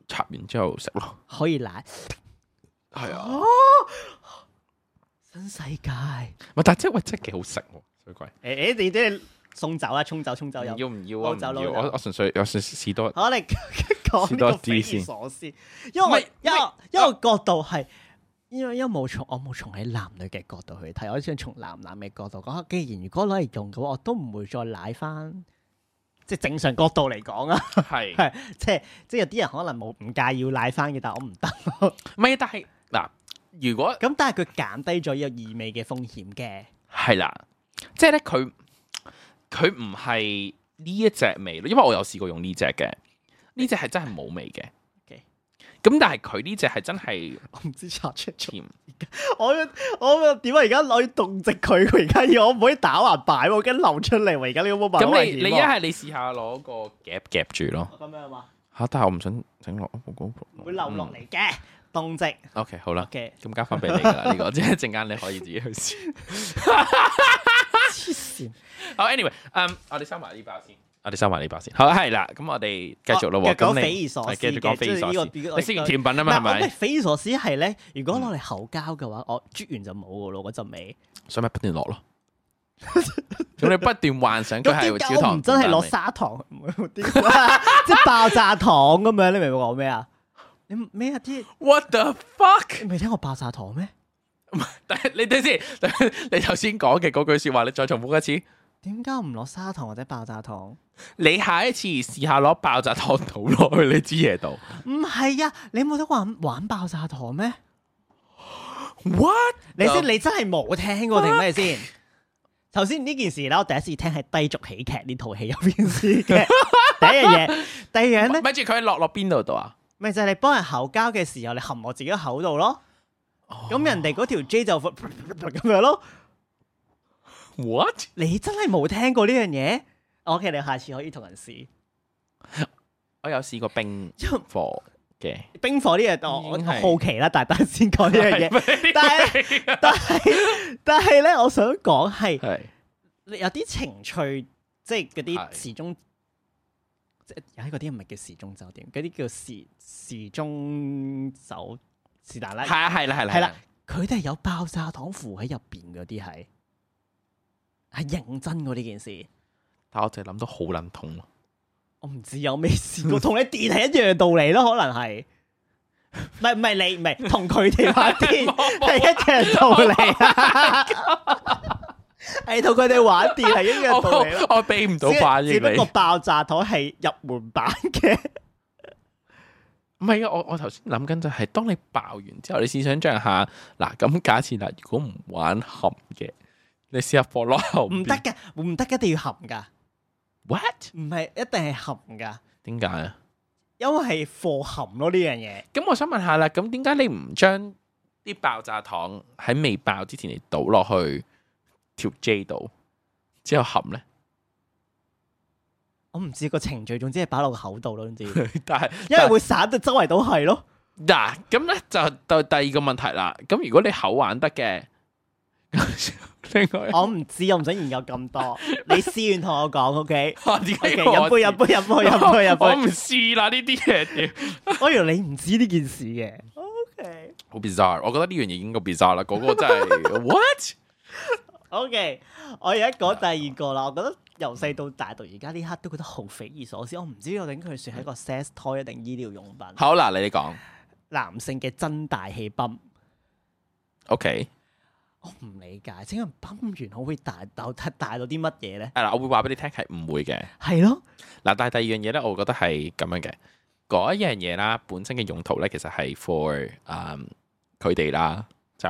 插完之後食咯，可以奶係啊，新世界，唔係但係即係話真係幾好食，水鬼誒誒你即係。送走啦，沖走，沖走又。要唔要啊？我我純粹，我算士多。我哋講多個匪夷所思，因為因為因為角度係，因為因為我從我冇從喺男女嘅角度去睇，我想從男男嘅角度講。既然如果攞嚟用嘅話，我都唔會再舐返。即係正常角度嚟講啊，係係即係即係有啲人可能冇唔介意舐返嘅，但係我唔得咯。唔係，但係嗱，如果咁，但係佢減低咗有異味嘅風險嘅。係啦，即係咧，佢。佢唔係呢一隻味咯，因為我有試過用呢隻嘅，呢隻係真係冇味嘅。咁但係佢呢隻係真係，我唔知拆出我我點解？而家攞啲動直佢，佢而家要我唔可以打橫擺，驚流出嚟。而家你個冇辦法。咁你你一係你試下攞個夾夾住咯。咁樣嘛？吓！但係我唔想整落，我會流落嚟嘅動直。O K，好啦。嘅咁交翻俾你啦，呢個即係陣間你可以自己去試。好、oh、，anyway，、um, 我哋收埋呢包先，我哋收埋呢包先。好係啦，咁我哋繼續咯。咁、啊、你繼續講匪夷所思。你食完甜品啊嘛？咪匪夷所思係咧？如果攞嚟口交嘅話，我啜完就冇噶、那個、咯，嗰陣味。所以咪不斷落咯。咁你不斷幻想，咁啲膠糖，真係落砂糖， 即係爆炸糖咁樣。你明唔明我講咩啊？你咩啊？啲 What the fuck？你未聽過爆炸糖咩？唔係， 你等先，你頭先講嘅嗰句說話，你再重複一次。點解唔攞砂糖或者爆炸糖？ 你下一次試下攞爆炸糖倒落去你支嘢度。唔係啊，你冇得玩玩爆炸糖咩？What？你即 No. 你真係冇聽過定咩先？頭先呢件事咧，我第一次聽係低俗喜劇呢套戲入邊先嘅。 第一樣嘢，第二樣咧，咪住佢落落邊度度啊？咪就係你幫人口交嘅時候，你含我自己口度咯。咁、哦、人哋嗰條 J 就咁樣咯。What？你真係冇聽過呢樣嘢？OK，你下次可以同人試。我有試過冰火嘅冰火呢樣，我,是我好奇啦，大家先講呢樣嘢。但係但係但係咧，我想講係是有啲情趣，即係嗰啲時鐘，即係嗰啲唔係叫時鐘酒店，嗰啲叫時時鐘酒店。是但啦，係啊，係啦、啊，係啦、啊，係啦、啊，佢哋係有爆炸糖附喺入邊嗰啲，係係認真過呢件事。但我淨係諗到好撚痛咯，我唔知有咩事。我同 你電係一樣道理咯，可能係，唔係唔係你唔係同佢哋玩電係一樣道理啊，係同佢哋玩電係一樣道理 我俾唔到反應你，只，只不過爆炸糖係入門版嘅。唔係啊，我我頭先諗緊就係當你爆完之後，你試想象下，嗱、啊、咁假設嗱，如果唔玩含嘅，你試下放落去，唔得嘅，唔得嘅，一定要含㗎。What？唔係一定係含㗎？點解啊？因為係貨含咯呢樣嘢。咁我想問下啦，咁點解你唔將啲爆炸糖喺未爆之前嚟倒落去條 J 度之後含咧？我唔知個程序，總之係擺落個口度咯。但係因為會散，到周圍都係咯。嗱，咁咧就到第二個問題啦。咁如果你口玩得嘅，我唔知，我唔想研究咁多。你試完同我講，O K。K，飲杯，飲杯，飲杯，飲杯，飲杯。我唔試啦，呢啲嘢。我以為你唔知呢件事嘅。O K。好 bizarre，我覺得呢樣嘢已經夠 bizarre 啦。嗰個真係 what？O K，我而家講第二個啦，我覺得由細到大到而家呢刻都覺得好匪夷所思。我唔知究竟佢算係一個 sex toy 啊，定醫療用品？好嗱，你哋講男性嘅增大氣泵。O K，我唔理解，請問泵完可會大到大到啲乜嘢咧？係啦，我會話俾你聽，係唔會嘅。係咯，嗱，但係第二樣嘢咧，我覺得係咁樣嘅。嗰一樣嘢啦，本身嘅用途咧，其實係 for 誒佢哋啦，就。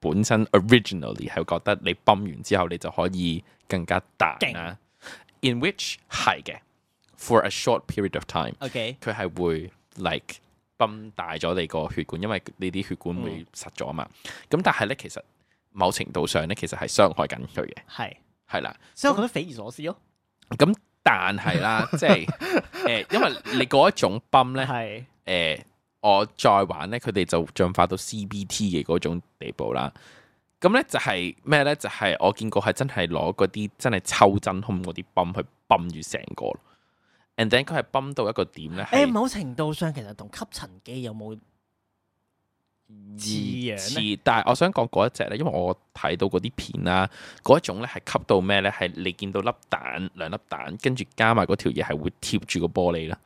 本身 originally 係覺得你泵完之後你就可以更加大啦。害 In which 係嘅，for a short period of time，佢係 Okay. 會 like 泵大咗你個血管，因為你啲血管會實咗啊嘛。咁、嗯、但係咧，其實某程度上咧，其實係傷害緊佢嘅。係係啦，的所以我覺得匪夷所思咯。咁但係啦，即係誒， 因為你嗰一種泵咧，係誒是。呃我再玩呢，佢哋就進化到 CBT 嘅嗰種地步啦。咁呢就係、是、咩呢？就係、是、我見過係真係攞嗰啲真係抽真空嗰啲泵去泵住成個，and then 佢係泵到一個點呢？誒、欸，某程度上其實同吸塵機有冇似似，但係我想講嗰一隻呢，因為我睇到嗰啲片啦，嗰一種呢係吸到咩呢？係你見到粒蛋兩粒蛋，跟住加埋嗰條嘢係會貼住個玻璃啦。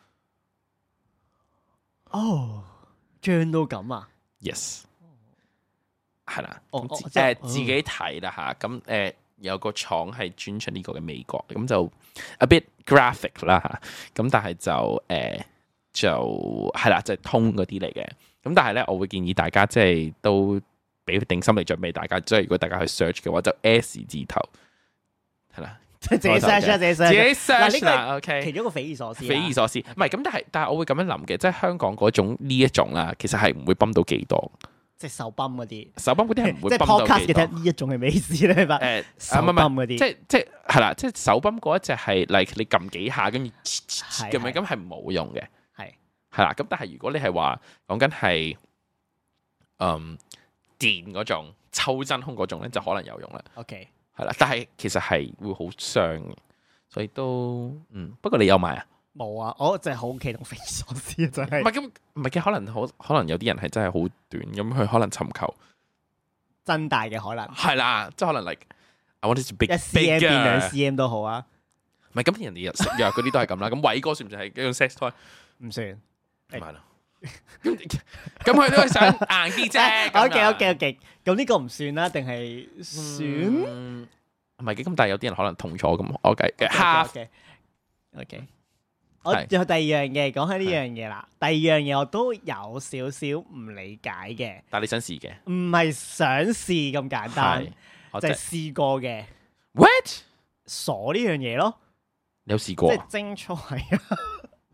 哦，張到咁啊？Yes，係啦、oh,，誒， 嗯嗯嗯、自己睇啦吓。咁、嗯、誒，有個廠係專出呢個嘅美國，咁就 a bit graphic 啦、嗯、吓。咁但係就誒、嗯，就係啦，即係通嗰啲嚟嘅。咁、就是、但係咧，我會建議大家即係都俾定心理準備，大家即係如果大家去 search 嘅話，就 S 字頭。自己 search，自己 search，嗱呢個 OK，其中一個匪夷所思，匪夷所思，唔係咁，但係但係我會咁樣諗嘅，即係香港嗰種呢一種啦，其實係唔會泵到幾多，即係手泵嗰啲，手泵嗰啲係唔會泵到幾多。呢一種係咩意思咧？誒，手泵嗰啲，即係即係係啦，即係手泵嗰一隻係，例如你撳幾下，跟住咁樣，咁係冇用嘅，係係啦。咁但係如果你係話講緊係嗯電嗰種抽真空嗰種咧，就可能有用啦。OK。係啦，但係其實係會好傷，所以都嗯。不過你有買有啊？冇啊，我就係好奇同匪夷所思啊，真係。唔係咁，唔係嘅可能好，可能有啲人係真係好短，咁佢可能尋求增大嘅可能。係啦，即係可能 like，我哋一 cm 變兩 cm 都好啊。唔係咁，人哋日食藥嗰啲都係咁啦。咁偉 哥算唔算係一 sex toy？唔算，唔係咯。咁咁佢都係想硬啲啫，OK，OK，OK，咁呢個唔算啦，定係算唔係嘅？咁但係有啲人可能痛楚咁，OK 嘅，OK。我又第二樣嘢講起呢樣嘢啦，第二樣嘢我都有少少唔理解嘅。但係你想試嘅，唔係想試咁簡單，就試過嘅，What？傻呢樣嘢咯，你有試過即係精彩啊。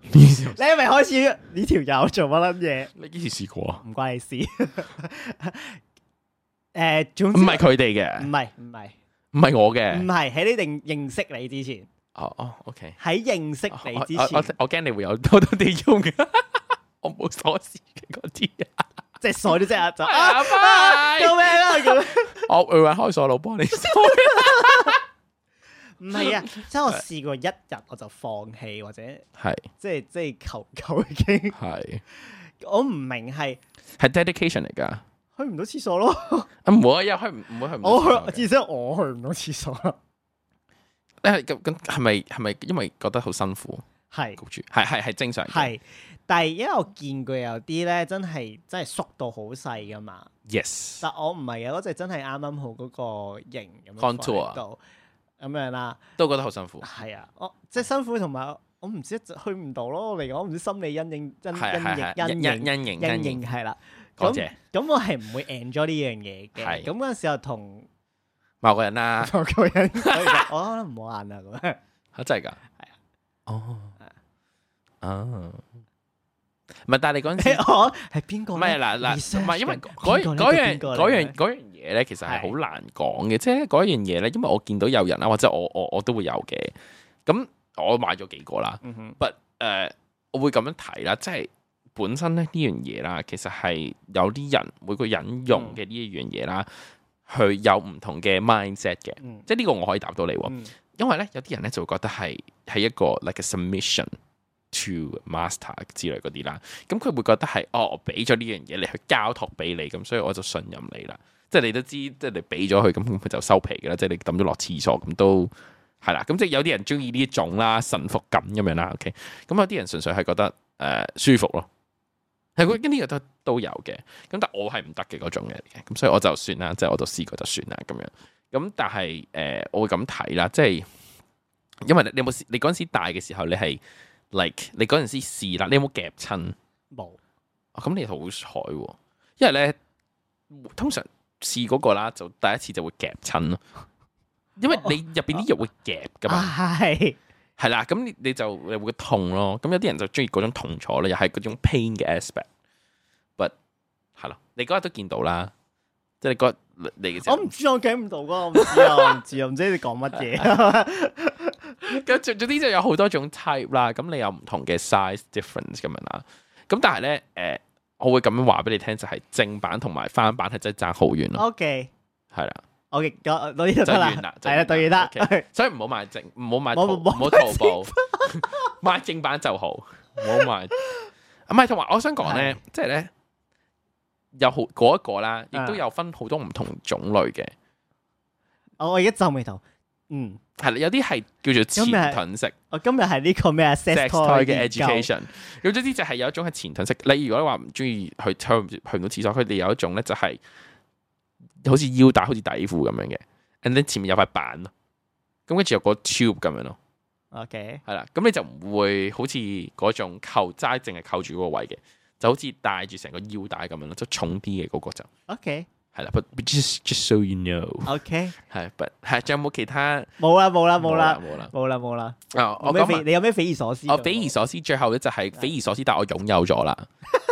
你係咪開始呢條友做乜捻嘢？你幾時試過啊？唔關你事。誒、 呃，唔係佢哋嘅，唔係唔係，唔係我嘅，唔係喺呢定認識你之前。哦哦、oh, oh,，OK。喺認識你之前，我我驚你會有好多啲用嘅，我冇鎖匙嘅啲 啊，即係傻都即刻走。做咩啊？ 我會開鎖佬幫你 唔係啊！即我試過一日我就放棄或者係是即即求求已經是 我唔明係係 dedication 嚟㗎，去唔到廁所咯！唔會啊，又去唔唔去唔？我去，即係我去唔到廁所啦。係咁咁係咪係咪因為覺得好辛苦？係焗住，係係係正常。係，但係因為我見過有啲咧，真係真係縮到好細噶嘛。Yes，但我唔係啊，嗰隻真係啱啱好嗰個型咁樣喺度。咁樣啦，都覺得好辛苦。係啊，我即係辛苦同埋我唔知去唔到咯。嚟講我唔知心理陰影，真係陰影、陰影、陰影、陰影係啦。咁咁我係唔會 enjoy 呢樣嘢嘅。咁嗰陣時候同某個人啦，某個人，我可能唔好玩啦咁樣。吓真係噶？係啊。哦。啊。唔係，但係你嗰陣時，我係邊個？唔係嗱嗱，唔係因為嗰樣嗰樣嗰樣嗰樣。嘢咧，其實係好難講嘅，是即係嗰一樣嘢咧，因為我見到有人啊，或者我我我都會有嘅。咁我買咗幾個啦，嗯、哼但誒、呃，我會咁樣睇啦，即係本身咧呢樣嘢啦，其實係有啲人每個人用嘅呢一樣嘢啦，佢、嗯、有唔同嘅 mindset 嘅，嗯、即係呢個我可以答到你。嗯、因為咧有啲人咧就會覺得係係一個 like a submission to master 之類嗰啲啦，咁佢會覺得係哦，我俾咗呢樣嘢嚟去交託俾你，咁所以我就信任你啦。即係你都知，即係你俾咗佢，咁佢就收皮㗎啦。即係你抌咗落廁所，咁都係啦。咁即係有啲人中意呢一種啦，臣服感咁樣啦。OK，咁有啲人純粹係覺得誒、呃、舒服咯。係佢呢啲都都有嘅。咁但我係唔得嘅嗰種嘅。咁所以我就算啦，即係我都試過就算啦咁樣。咁但係誒、呃，我會咁睇啦。即係因為你有冇試？你嗰陣時大嘅時候,時候你，你係 like 你嗰陣時試啦。你有冇夾親？冇有。咁、哦、你好彩、啊，因為咧通常。試嗰、那個啦，就第一次就會夾親咯，因為你入邊啲肉會夾噶嘛，係係啦，咁是你，你就你會痛咯，咁有啲人就中意嗰種痛楚咧，又係嗰種 pain 嘅 aspect。But 係咯，你嗰日都見到啦，即、就、係、是、你嗰日你嘅我唔知我 get 唔到噶，唔知啊唔知啊，唔 知你講乜嘢。跟住啲就有好多種 type 啦，咁你有唔同嘅 size difference 咁樣啦，咁但係咧誒。我會咁樣話俾你聽，就係正版同埋翻版係真係爭好遠咯。O K，係啦，O K，攞呢度得啦，係啦，到你得，所以唔好買正，唔好買，唔好淘寶，買正版就好，唔好買。啊，唔係，同埋我想講咧，即係咧，有好嗰一個啦，亦都有分好多唔同種類嘅。我而家皺眉頭。嗯，係啦，有啲係叫做前盾式。今我今日係呢個咩 sex toy 嘅 education。咁 總之就係有一種係前盾式。如你如果話唔中意去去唔到廁所，佢哋有一種咧就係、是、好似腰帶好似底褲咁樣嘅，and 前面有塊板咯。咁跟住有個 tube 咁樣咯。OK。係啦，咁你就唔會好似嗰種扣齋淨係扣住嗰個位嘅，就好似帶住成個腰帶咁樣咯，即係重啲嘅嗰個就。OK。But just just so you know. Okay. 係，但係仲有冇其他？冇啦，冇啦，冇啦，冇啦，冇啦，冇啦。啊，我你有咩匪？你有咩匪夷所思？哦，匪夷所思，最後咧就係匪夷所思，但我擁有咗啦，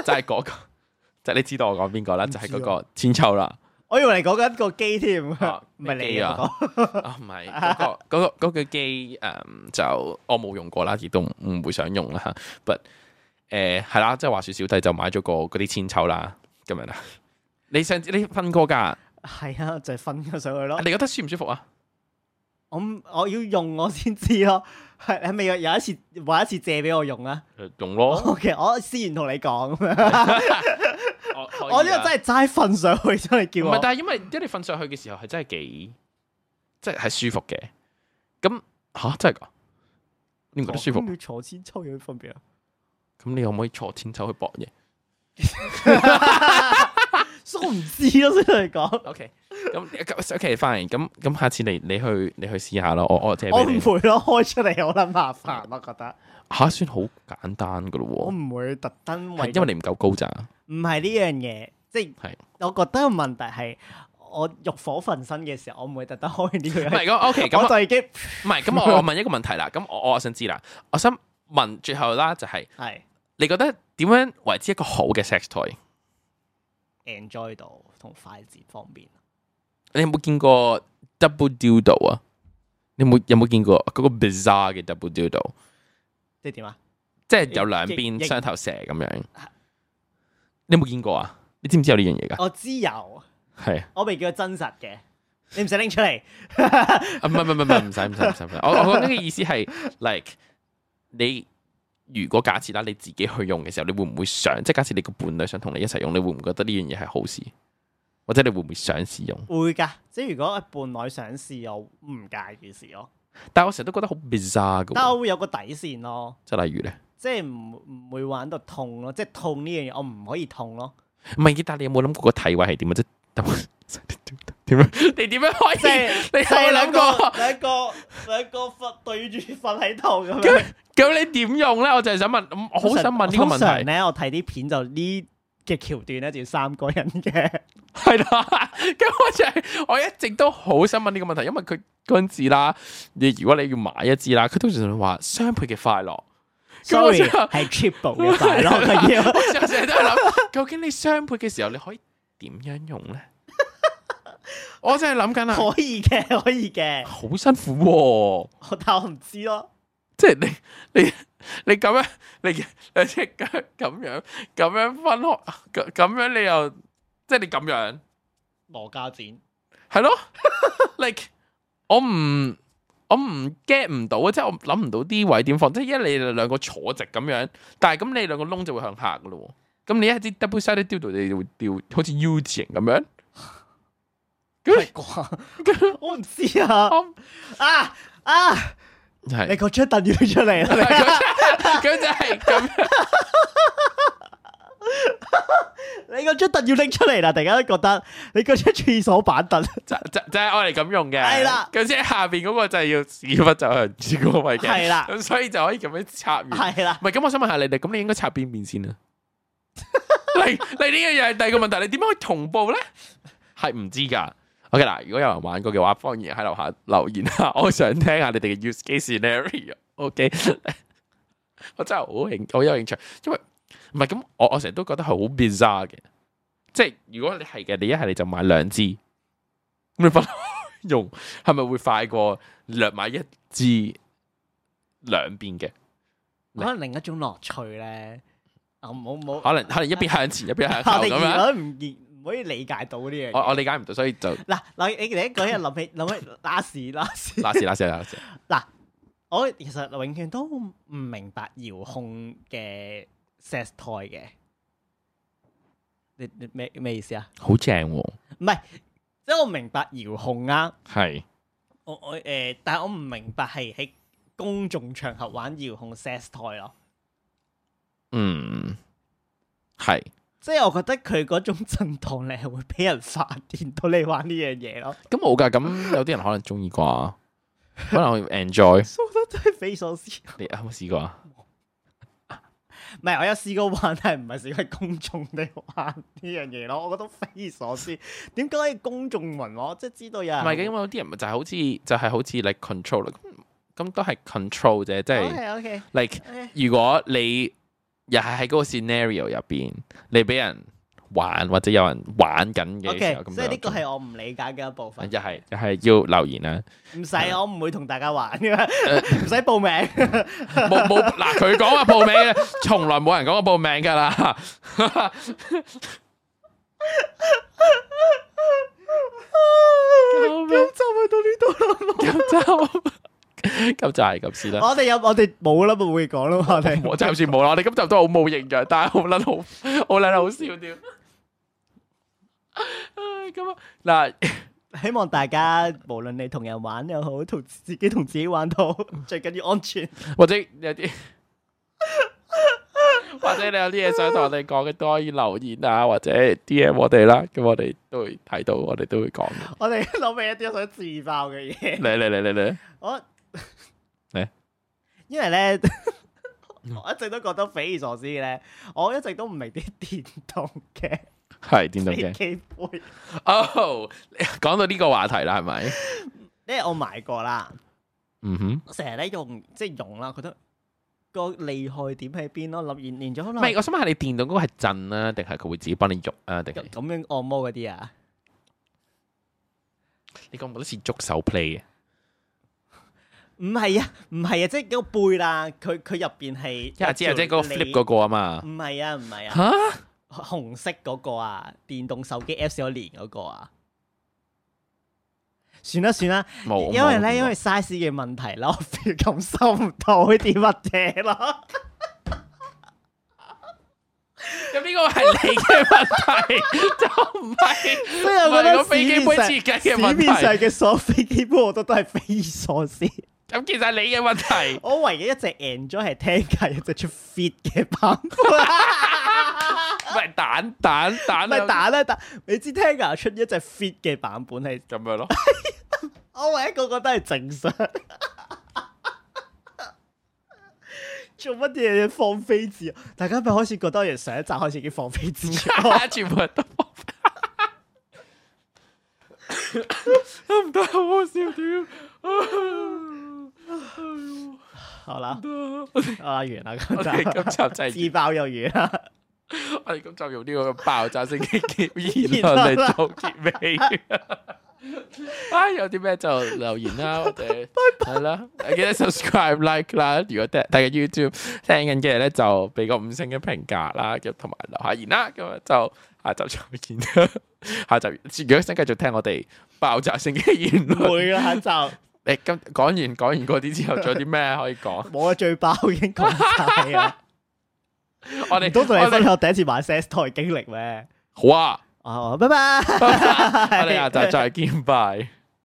就係嗰個，就係你知道我講邊個啦，就係嗰個千秋啦。我以為你講緊一個機添，唔係你啊？唔係嗰個嗰個個機誒，就我冇用過啦，亦都唔會想用啦吓。But 誒係啦，即係話說小弟就買咗個嗰啲千秋啦，咁樣啊。你上次你瞓過噶？係啊，就係瞓咗上去咯。你覺得舒唔舒服啊？我我要用我先知咯。係係咪有一次，玩一次借俾我用啊？用咯。OK，我先同你講。 我呢、啊、個真係齋瞓上去真係叫。唔係，但係因為即你瞓上去嘅時候係真係幾，即係係舒服嘅。咁吓、啊、真係噶？你覺得舒服？要要坐千秋，有咩分別啊？咁你可唔可以坐千秋去博嘢？ 都唔知咯，先嚟講。O K，咁 O K，翻嚟，咁咁，下次你你去你去試下咯。我我即係我唔會咯，開出嚟我諗麻煩，我覺得吓算好簡單噶咯。我唔會特登，係因為你唔夠高咋。唔係呢樣嘢，即係，我覺得個問題係我欲火焚身嘅時候，我唔會特登開呢個。唔係，個 O K，我就已經唔係。咁我我問一個問題啦。咁我我想知啦，我想問最後啦，就係，係你覺得點樣為之一個好嘅 sex toy？enjoy 到同快捷方便 Do、啊，你有冇見過 double doodle 啊？你有冇有冇見過嗰個 bizarre 嘅 double doodle？即係點啊？即係有兩邊雙頭蛇咁樣，應你有冇見過啊？你知唔知有呢樣嘢噶？我知有，係我未叫做真實嘅，你唔使拎出嚟。啊，唔係唔係唔係唔使唔使唔使，我我覺得嘅意思係 like 你。如果假設啦，你自己去用嘅時候，你會唔會想？即係假設你個伴侶想同你一齊用，你會唔會覺得呢樣嘢係好事？或者你會唔會想試用？會㗎，即係如果伴侶想試又唔介意事咯。但係我成日都覺得好 bizarre 嘅。但係我會有個底線咯。即係例如咧，即係唔唔會玩到痛咯，即係痛呢樣嘢我唔可以痛咯。唔係，但係你有冇諗過個體位係點嘅啫？ 點樣？你點樣可以？就是，你係兩個，兩個，兩個瞓對住瞓喺度咁樣。咁 你點用咧？我就係想問，我好想問呢個問題咧。我睇啲片就橋呢嘅橋段咧，就要三個人嘅，係啦。 咁我就是，我一直都好想問呢個問題，因為佢嗰陣字啦，你如果你要買一支啦，佢通常話雙倍嘅快樂。咁 Sorry, 我係係 cheap 到嘅快樂。 我成日都係諗， 究竟你雙倍嘅時候你可以點樣用咧？我真係諗緊啊，可以嘅，可以嘅，好辛苦。但我唔知咯，即係你你你咁樣，你你即係咁樣，咁樣分開，咁咁樣你又即係你咁樣羅家展，係咯，like 我唔我唔 get 唔到啊！即係我諗唔到啲位點放，即係一你哋兩個坐直咁樣，但係咁你兩個窿就會向下噶咯。咁你一啲 double sided dildo 你就會掉，好似 U 字形咁樣。 我唔知啊！啊啊，是你個張凳要拎出嚟啦！佢就係咁，你個張凳要拎出嚟啦，大家都覺得你個張廁所板凳就就係我哋咁用嘅。係啦，咁即係下邊嗰個就係要屎忽就係呢個位嘅。係啦，咁所以就可以咁樣插面。係啦，唔係咁，我想問下你哋，咁你應該插邊邊先啊？ 你嚟呢樣嘢係第二個問題，你點樣可以同步咧？係唔知噶？OK 嗱，如果有人玩過嘅話，歡迎喺樓下留言吓，我想聽下你哋嘅 use case scenario 呢？OK，我真係好興，好有興趣，因為唔係咁，我我成日都覺得係好 bizarre 嘅，即係如果你係嘅，你一係你就買兩支，咁你分用係咪會快過掠買一支兩邊嘅？可能另一種樂趣咧，唔好唔好，可能可能一邊向前一邊向後咁樣。可以理解到啲嘢，我我理解唔到，所以就嗱嗱，你你講起諗起諗起拉屎拉屎拉屎拉屎拉屎，嗱，我其實永遠都唔明白遙控嘅 sex toy 嘅，你你咩咩意思啊？好正喎，唔係，即係我明白遙控啊，係我我誒，但係我唔明白係喺公眾場合玩遙控 sex toy 咯，嗯，係。即係我覺得佢嗰種震動力，會俾人發電到你玩呢樣嘢咯。咁冇噶，咁有啲人可能中意啩， 可能我 enjoy。我覺得真係匪夷所思。你有冇試過啊？唔係， 我有試過玩，但係唔係試過公眾地玩呢樣嘢咯。我覺得匪夷所思。點解？ 公眾聞我即係知道有人？唔係嘅，因為有啲人就係、係就係、好似就係、係、好似你 control 咁，咁都係 control 啫，即係。O K。like 如果你。又係喺嗰個 scenario 入邊，你俾人玩或者有人玩緊嘅時候，咁 Okay, 即係呢個係我唔理解嘅一部分。又係又係要留言啦、啊，唔使用，uh, 我唔會同大家玩嘅，唔使、uh, 報， 報名，冇冇，嗱佢講話報名嘅，從來冇人講過報名噶啦。咁就去到呢度啦，咁就。咁就係咁先啦。我哋有我哋冇啦，冇嘢講啦。我哋我暫時冇啦，我哋今集都好冇形象，但係好捻好好捻好笑添。咁啊嗱，希望大家無論你同人玩又好，同自己同自己玩都好，最緊要安全。或者有啲或者你有啲嘢想同我哋講嘅，都可以留言啊，或者 DM 我哋啦。咁我哋都會睇到，我哋都會講。我哋諗起一啲我想自爆嘅嘢？嚟嚟嚟嚟嚟我。誒，因為咧，我一直都覺得匪夷所思咧，我一直都唔明啲電動嘅，係電動機杯。哦，講到呢個話題啦，係咪？因為我買過啦，嗯哼，成日咧用，即係用啦，覺得個厲害點喺邊咯，諗完練咗可能。唔係，我想問下你電動嗰個係震啊，定係佢會自己幫你喐啊，定係咁樣按摩嗰啲啊？你覺唔覺得似觸手 play 嘅？唔係啊，唔係啊，即係嗰個背啦，佢佢入邊係一知啊，即係嗰個 flip 嗰個啊嘛。唔係啊，唔係啊。吓，紅色嗰個啊，電動手機 S 幺零嗰個啊。算啦算啦，冇，因為咧因為 size 嘅問題咯，咁收唔到點乜嘢咯。咁呢個係你嘅問題，就唔係。我又覺得飛機杯設計嘅問題，市面上嘅所有飛機杯我都都係匪夷所思。咁其實係你嘅問題，我唯一 Tenga, 一隻 enjoy 係 Tenga 一隻出 fit 嘅版本，喂蛋蛋蛋咪蛋咧蛋，你知 Tenga 出一隻 fit 嘅版本係咁 樣咯？ 我唯一個個都係正常 做，做乜嘢放飛字？大家咪開始覺得上一集開始已經放飛字， 全部都放。得唔得？我笑到。好啦，啊完啦，今集 我今集就係、是、自爆又完啦，我哋 今集用呢個爆炸性嘅言論嚟做結尾。啊、 哎，有啲咩就留言啦、啊，我哋係 拜拜 啦，記得 subscribe like 啦。如果第大家 YouTube 聽緊嘅咧，就俾個五星嘅評價啦，同埋留下言啦。咁就下集再見， 下集如果想繼續聽我哋爆炸性嘅言論，會嘅下集。誒，咁講、欸、完講完嗰啲之後，仲有啲咩可以講？冇啊，最爆已經講晒。啊！我哋都同你分享第一次玩 sex toy 經歷咩？好啊！哦，拜拜， 我哋下集再見拜 y Bye.